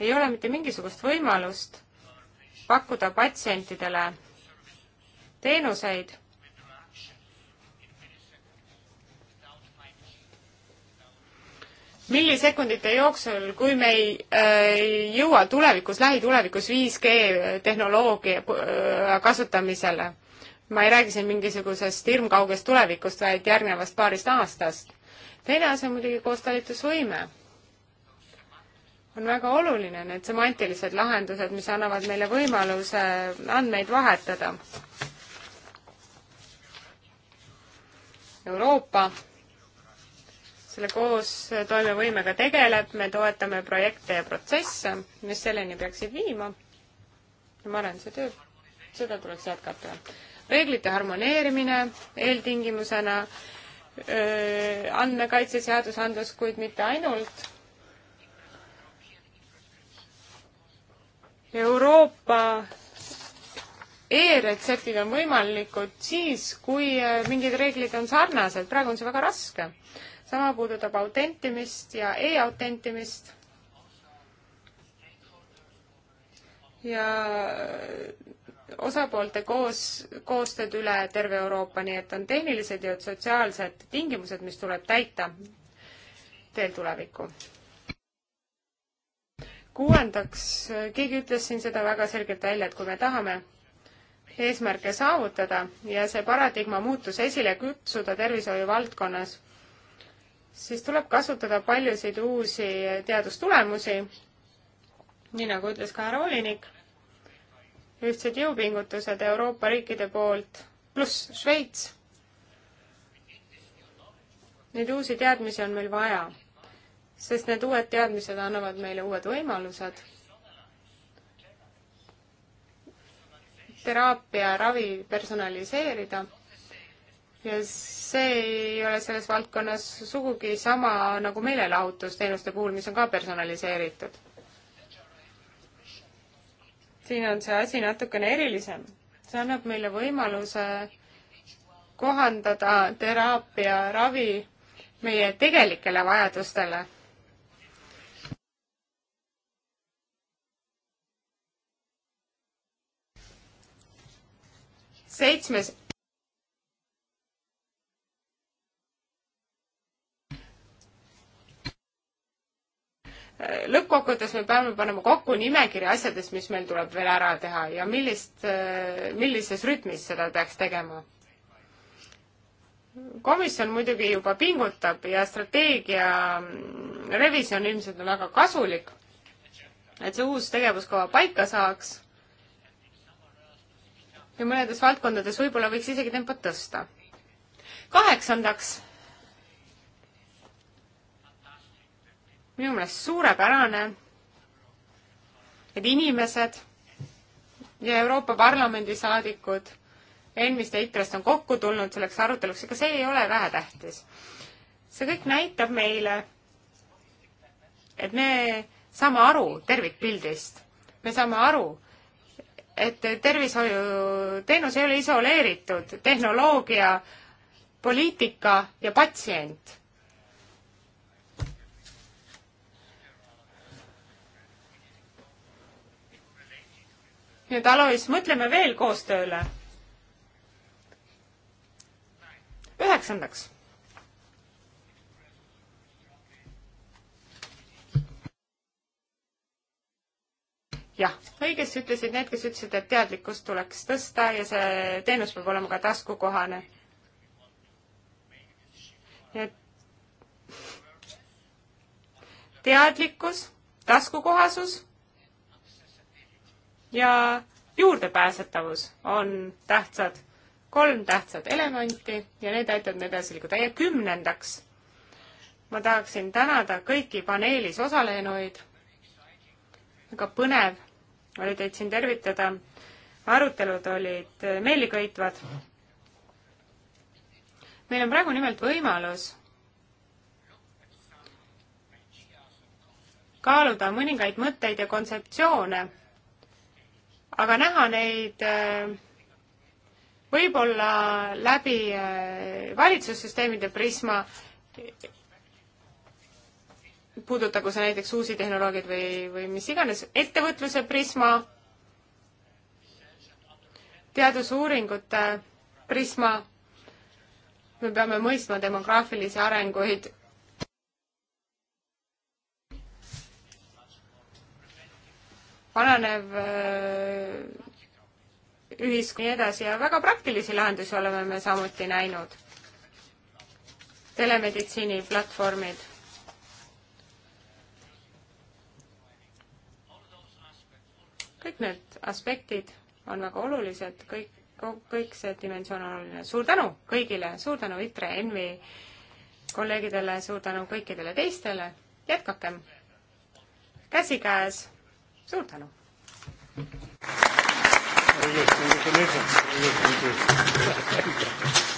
ei ole mitte mingisugust võimalust pakkuda patsientidele teenuseid millisekundite jooksul, kui me ei äh, jõua tulevikus, lähitulevikus 5G tehnoloogia äh, kasutamisele. ma ei räägi siin mingisugusest hirmkaugest tulevikust, vaid järgnevast paarist aastast. teine asi on muidugi koostalitusvõime. on väga oluline need semantilised lahendused, mis annavad meile võimaluse andmeid vahetada. Euroopa selle koostoimevõimega tegeleb, me toetame projekte ja protsesse, mis selleni peaksid viima. ja ma arvan, see töö, seda tuleks jätkata. reeglite harmoneerimine eeltingimusena, andmekaitse seadusandlus, kuid mitte ainult. Euroopa e-retseptid on võimalikud siis, kui mingid reeglid on sarnased, praegu on see väga raske sama puudutab autentimist ja e-autentimist. ja äh, osapoolte koos, koostööd üle terve Euroopa, nii et on tehnilised ja sotsiaalsed tingimused, mis tuleb täita teel tulevikku. kuuendaks, keegi ütles siin seda väga selgelt välja, et kui me tahame eesmärke saavutada ja see paradigma muutus esile kutsuda tervishoiu valdkonnas, siis tuleb kasutada paljusid uusi teadustulemusi, nii nagu ütles ka härra Olinik, ühtsed jõupingutused Euroopa riikide poolt, pluss Šveits. Neid uusi teadmisi on meil vaja, sest need uued teadmised annavad meile uued võimalused. teraapia ravi personaliseerida ja see ei ole selles valdkonnas sugugi sama nagu meelelahutusteenuste puhul, mis on ka personaliseeritud. siin on see asi natukene erilisem. see annab meile võimaluse kohandada teraapia ravi meie tegelikele vajadustele. seitsmes lõppkokkuvõttes me peame panema kokku nimekirja asjadest, mis meil tuleb veel ära teha ja millist, millises rütmis seda peaks tegema. komisjon muidugi juba pingutab ja strateegia revisjon ilmselt on väga kasulik, et see uus tegevuskava paika saaks ja mõnedes valdkondades võib-olla võiks isegi tempot tõsta. kaheksandaks minu meelest suurepärane, et inimesed ja Euroopa Parlamendi saadikud eelmist EITRES-t on kokku tulnud selleks aruteluks, ega see ei ole vähetähtis. see kõik näitab meile, et me saame aru tervikpildist, me saame aru, et tervishoiuteenus ei ole isoleeritud tehnoloogia, poliitika ja patsient nüüd Alois, mõtleme veel koostööle. üheksandaks. jah, õigesti ütlesid need, kes ütlesid, et teadlikkust tuleks tõsta ja see teenus peab olema ka taskukohane. nii et teadlikkus, taskukohasus ja juurdepääsetavus on tähtsad, kolm tähtsat elementi ja need aitavad meil edasi liikuda ja kümnendaks ma tahaksin tänada kõiki paneelis osalenuid. väga põnev oli teid siin tervitada. arutelud olid meeliköitvad. meil on praegu nimelt võimalus kaaluda mõningaid mõtteid ja kontseptsioone aga näha neid äh, võib-olla läbi äh, valitsussüsteemide prisma, puudutagu see näiteks uusi tehnoloogiaid või, või mis iganes, ettevõtluse prisma, teadusuuringute prisma, me peame mõistma demograafilisi arenguid vananev äh, ühiskond ja nii edasi ja väga praktilisi lahendusi oleme me samuti näinud. telemeditsiini platvormid kõik need aspektid on väga olulised, kõik, kõik see dimensioon on oluline. suur tänu kõigile, suur tänu ITRE, ENVI kolleegidele, suur tänu kõikidele teistele, jätkakem käsikäes suur tänu! Õigus, õigus on esmas, õigus on tõesti.